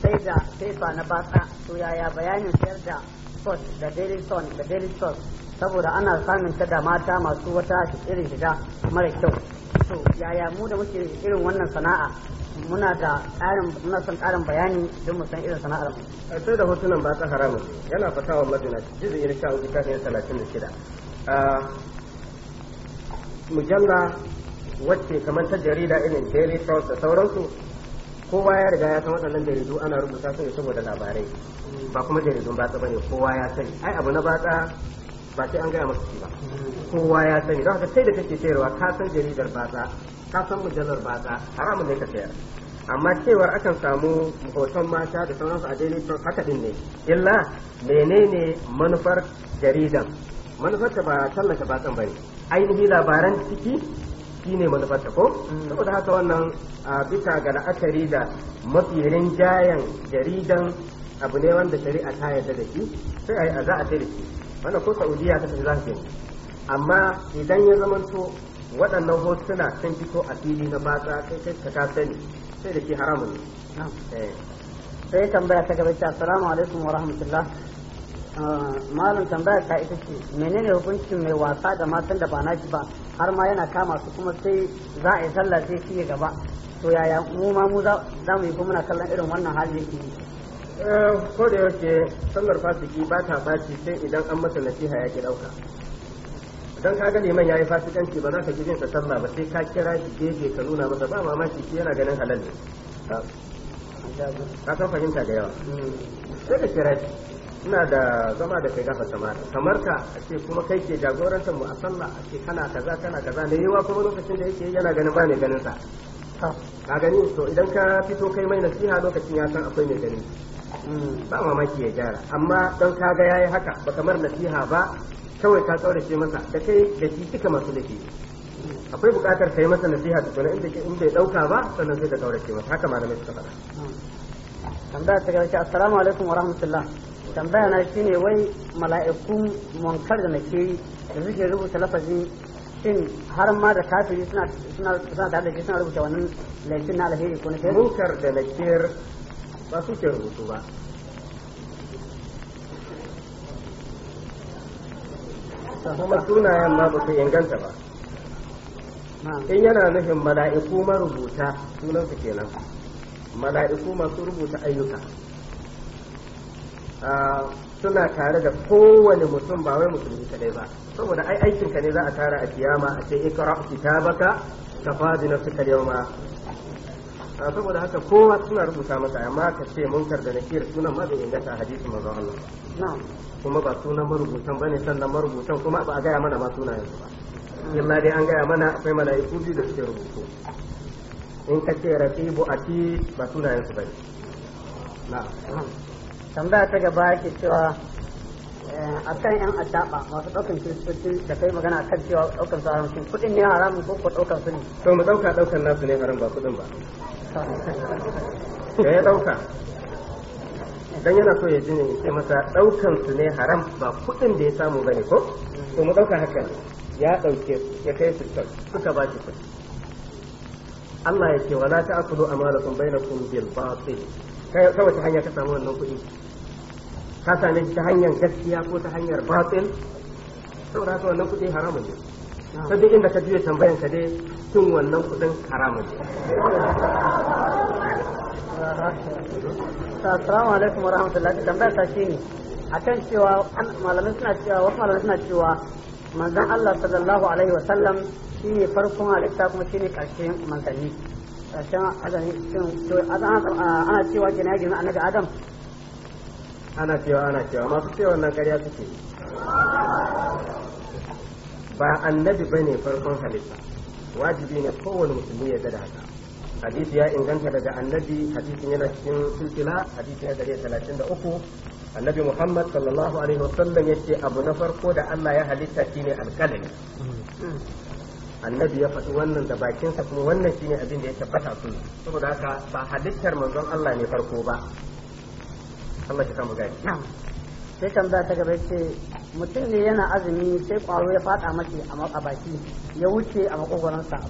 sai da fefa na batsa to yaya bayanin sayar da salt da daily salt da daily salt saboda ana samun ta da mata masu wata irin shiga mara kyau to yaya mu da muke irin wannan sana'a muna da ƙarin muna son ƙarin bayani don mu san irin sana'ar mu sai da hotunan ba ta haramun yana fatawa madina jizu irin sha hudu kafin talatin da shida ah, mujalla wacce kamar ta jarida irin daily trust da sauransu kowa ya riga ya san waɗannan jaridu ana rubuta su ne saboda labarai ba kuma jaridun ba ta bane kowa ya sani ai abu na batsa ba sai an gaya masa shi ba kowa ya sani don haka sai da kake sayarwa ka san jaridar batsa ka san mujallar batsa haramun ne ka sayar amma cewar akan samu hoton mata da sauransu a daidai to haka din ne illa menene manufar jaridan manufar ta ba tallata batsan bane ainihi labaran ciki shine manufar ta ko mm. saboda haka wannan bisa ga la'akari da mafi jayan jaridan abu ne wanda shari'a ta yarda da shi sai a za a sai da shi wanda ko saudiya ta za ka yi amma idan ya zamanto waɗannan hotuna sun fito a fili na baza kai kai ka ka sani sai da shi haramun ne eh. sai tambaya ta gaba ta assalamu alaikum wa rahmatullah ah, malam tambaya ta ita ce menene hukuncin mai wasa da matan da ba ji ba har ma yana kama su kuma sai za a yi sallah sai shi gaba to yaya mu ma mu za mu yi kuma muna kallon irin wannan hali yake Eh, ko da yake sallar fasiki ba ta baci sai idan an masa nasiha ya ki dauka dan ka ga ya yi fasikanci ba za ka ji jinsa sallah ba sai ka kira shi gege ka nuna masa ba mamaki shi yana ganin halal ne ka san fahimta da yawa sai ka kira shi ina da zama da kai gafa samar kamar ka a ce kuma kai ke jagorantar mu a sallah a ce kana kaza kana kaza ne yawa kuma lokacin da yake yana ganin ba ne ganin sa ka gani to idan ka fito kai mai nasiha lokacin ya san akwai mai gani ba mamaki ya gyara amma don kaga yayi haka ba kamar nasiha ba kawai ka shi masa da kai da shi kika masu laifi akwai buƙatar kai masa nasiha da kuma inda in bai dauka ba sannan sai ka shi masa haka malamai suka faɗa tambaya ta gaske assalamu alaikum wa rahmatullah tambaya na shi ne wai mala'ikun munkar da na yi da suke rubuta lafazin shin har ma da kafiri suna tare suna da suna rubuta wannan laifin na alheri ko na munkar da nakir ba su ke rubutu ba kuma sunayen ma ba su inganta ba in yana nufin mala'iku marubuta sunansu kenan mala'iku masu rubuta ayyuka suna tare da kowane mutum ba wai musulmi kadai ba saboda ai aikin ka ne za a tara a kiyama a ce ikra kitabaka na bi nafsika saboda haka kowa suna rubuta masa amma ka ce munkar da nakir sunan ma bai inganta hadisi manzo Allah kuma ba sunan marubutan bane sannan marubutan kuma ba a gaya mana ma sunayen su ba illa dai an gaya mana akwai mala'iku biyu da suke rubutu in ka ce rafibu ati ba sunayen su bane na'am tambaya ta gaba yake cewa eh, a kan yan addaba masu daukan kiristoci da kai magana a kan cewa daukan su haramcin kuɗin ne haramun ko ko daukan su ne to mu ɗauka ɗaukan nasu ne haram ba kuɗin ba ya ya ɗauka dan yana so ya ji ne sai masa ɗaukan su ne haram ba kuɗin da ya samu ne ko to mu ɗauka hakan ya ɗauke su ya kai su suka ba shi kuɗi Allah ya ce wala akulu amalakum bainakum bil batil kai ta wace hanya ka samu wannan kuɗi ka same ta hanyar gaskiya ko ta hanyar batil saboda haka wannan kuɗi haramun ne ta duk inda ka juya tambayan ka dai tun wannan kudin haramun assalamu alaikum wa warahmatullahi tambayar ta shi ne a kan cewa malamai suna cewa wasu malamai suna cewa manzan Allah sallallahu alaihi wa sallam shi ne farkon halitta kuma shi ne karshen manzanni karshen adami cikin to ana cewa kina gina annabi adam ana cewa ana cewa masu cewa nan karya suke ba annabi ne farkon halitta wajibi ne kowane musulmi ya da haka hadisi ya inganta daga annabi hadisin yana cikin silsila hadisi na dare talatin da uku annabi muhammad sallallahu alaihi wasallam ya ce abu na farko da allah ya halitta shine alkalami annabi ya faɗi wannan da bakinsa kuma wannan shine abin da ya tabbata su saboda haka ba halittar manzon allah ne farko ba Allah ya samu gani. sai tambaya ta gaba ce mutum ne yana azumi sai kwaro ya fada mace a baki ya wuce a makogwaransa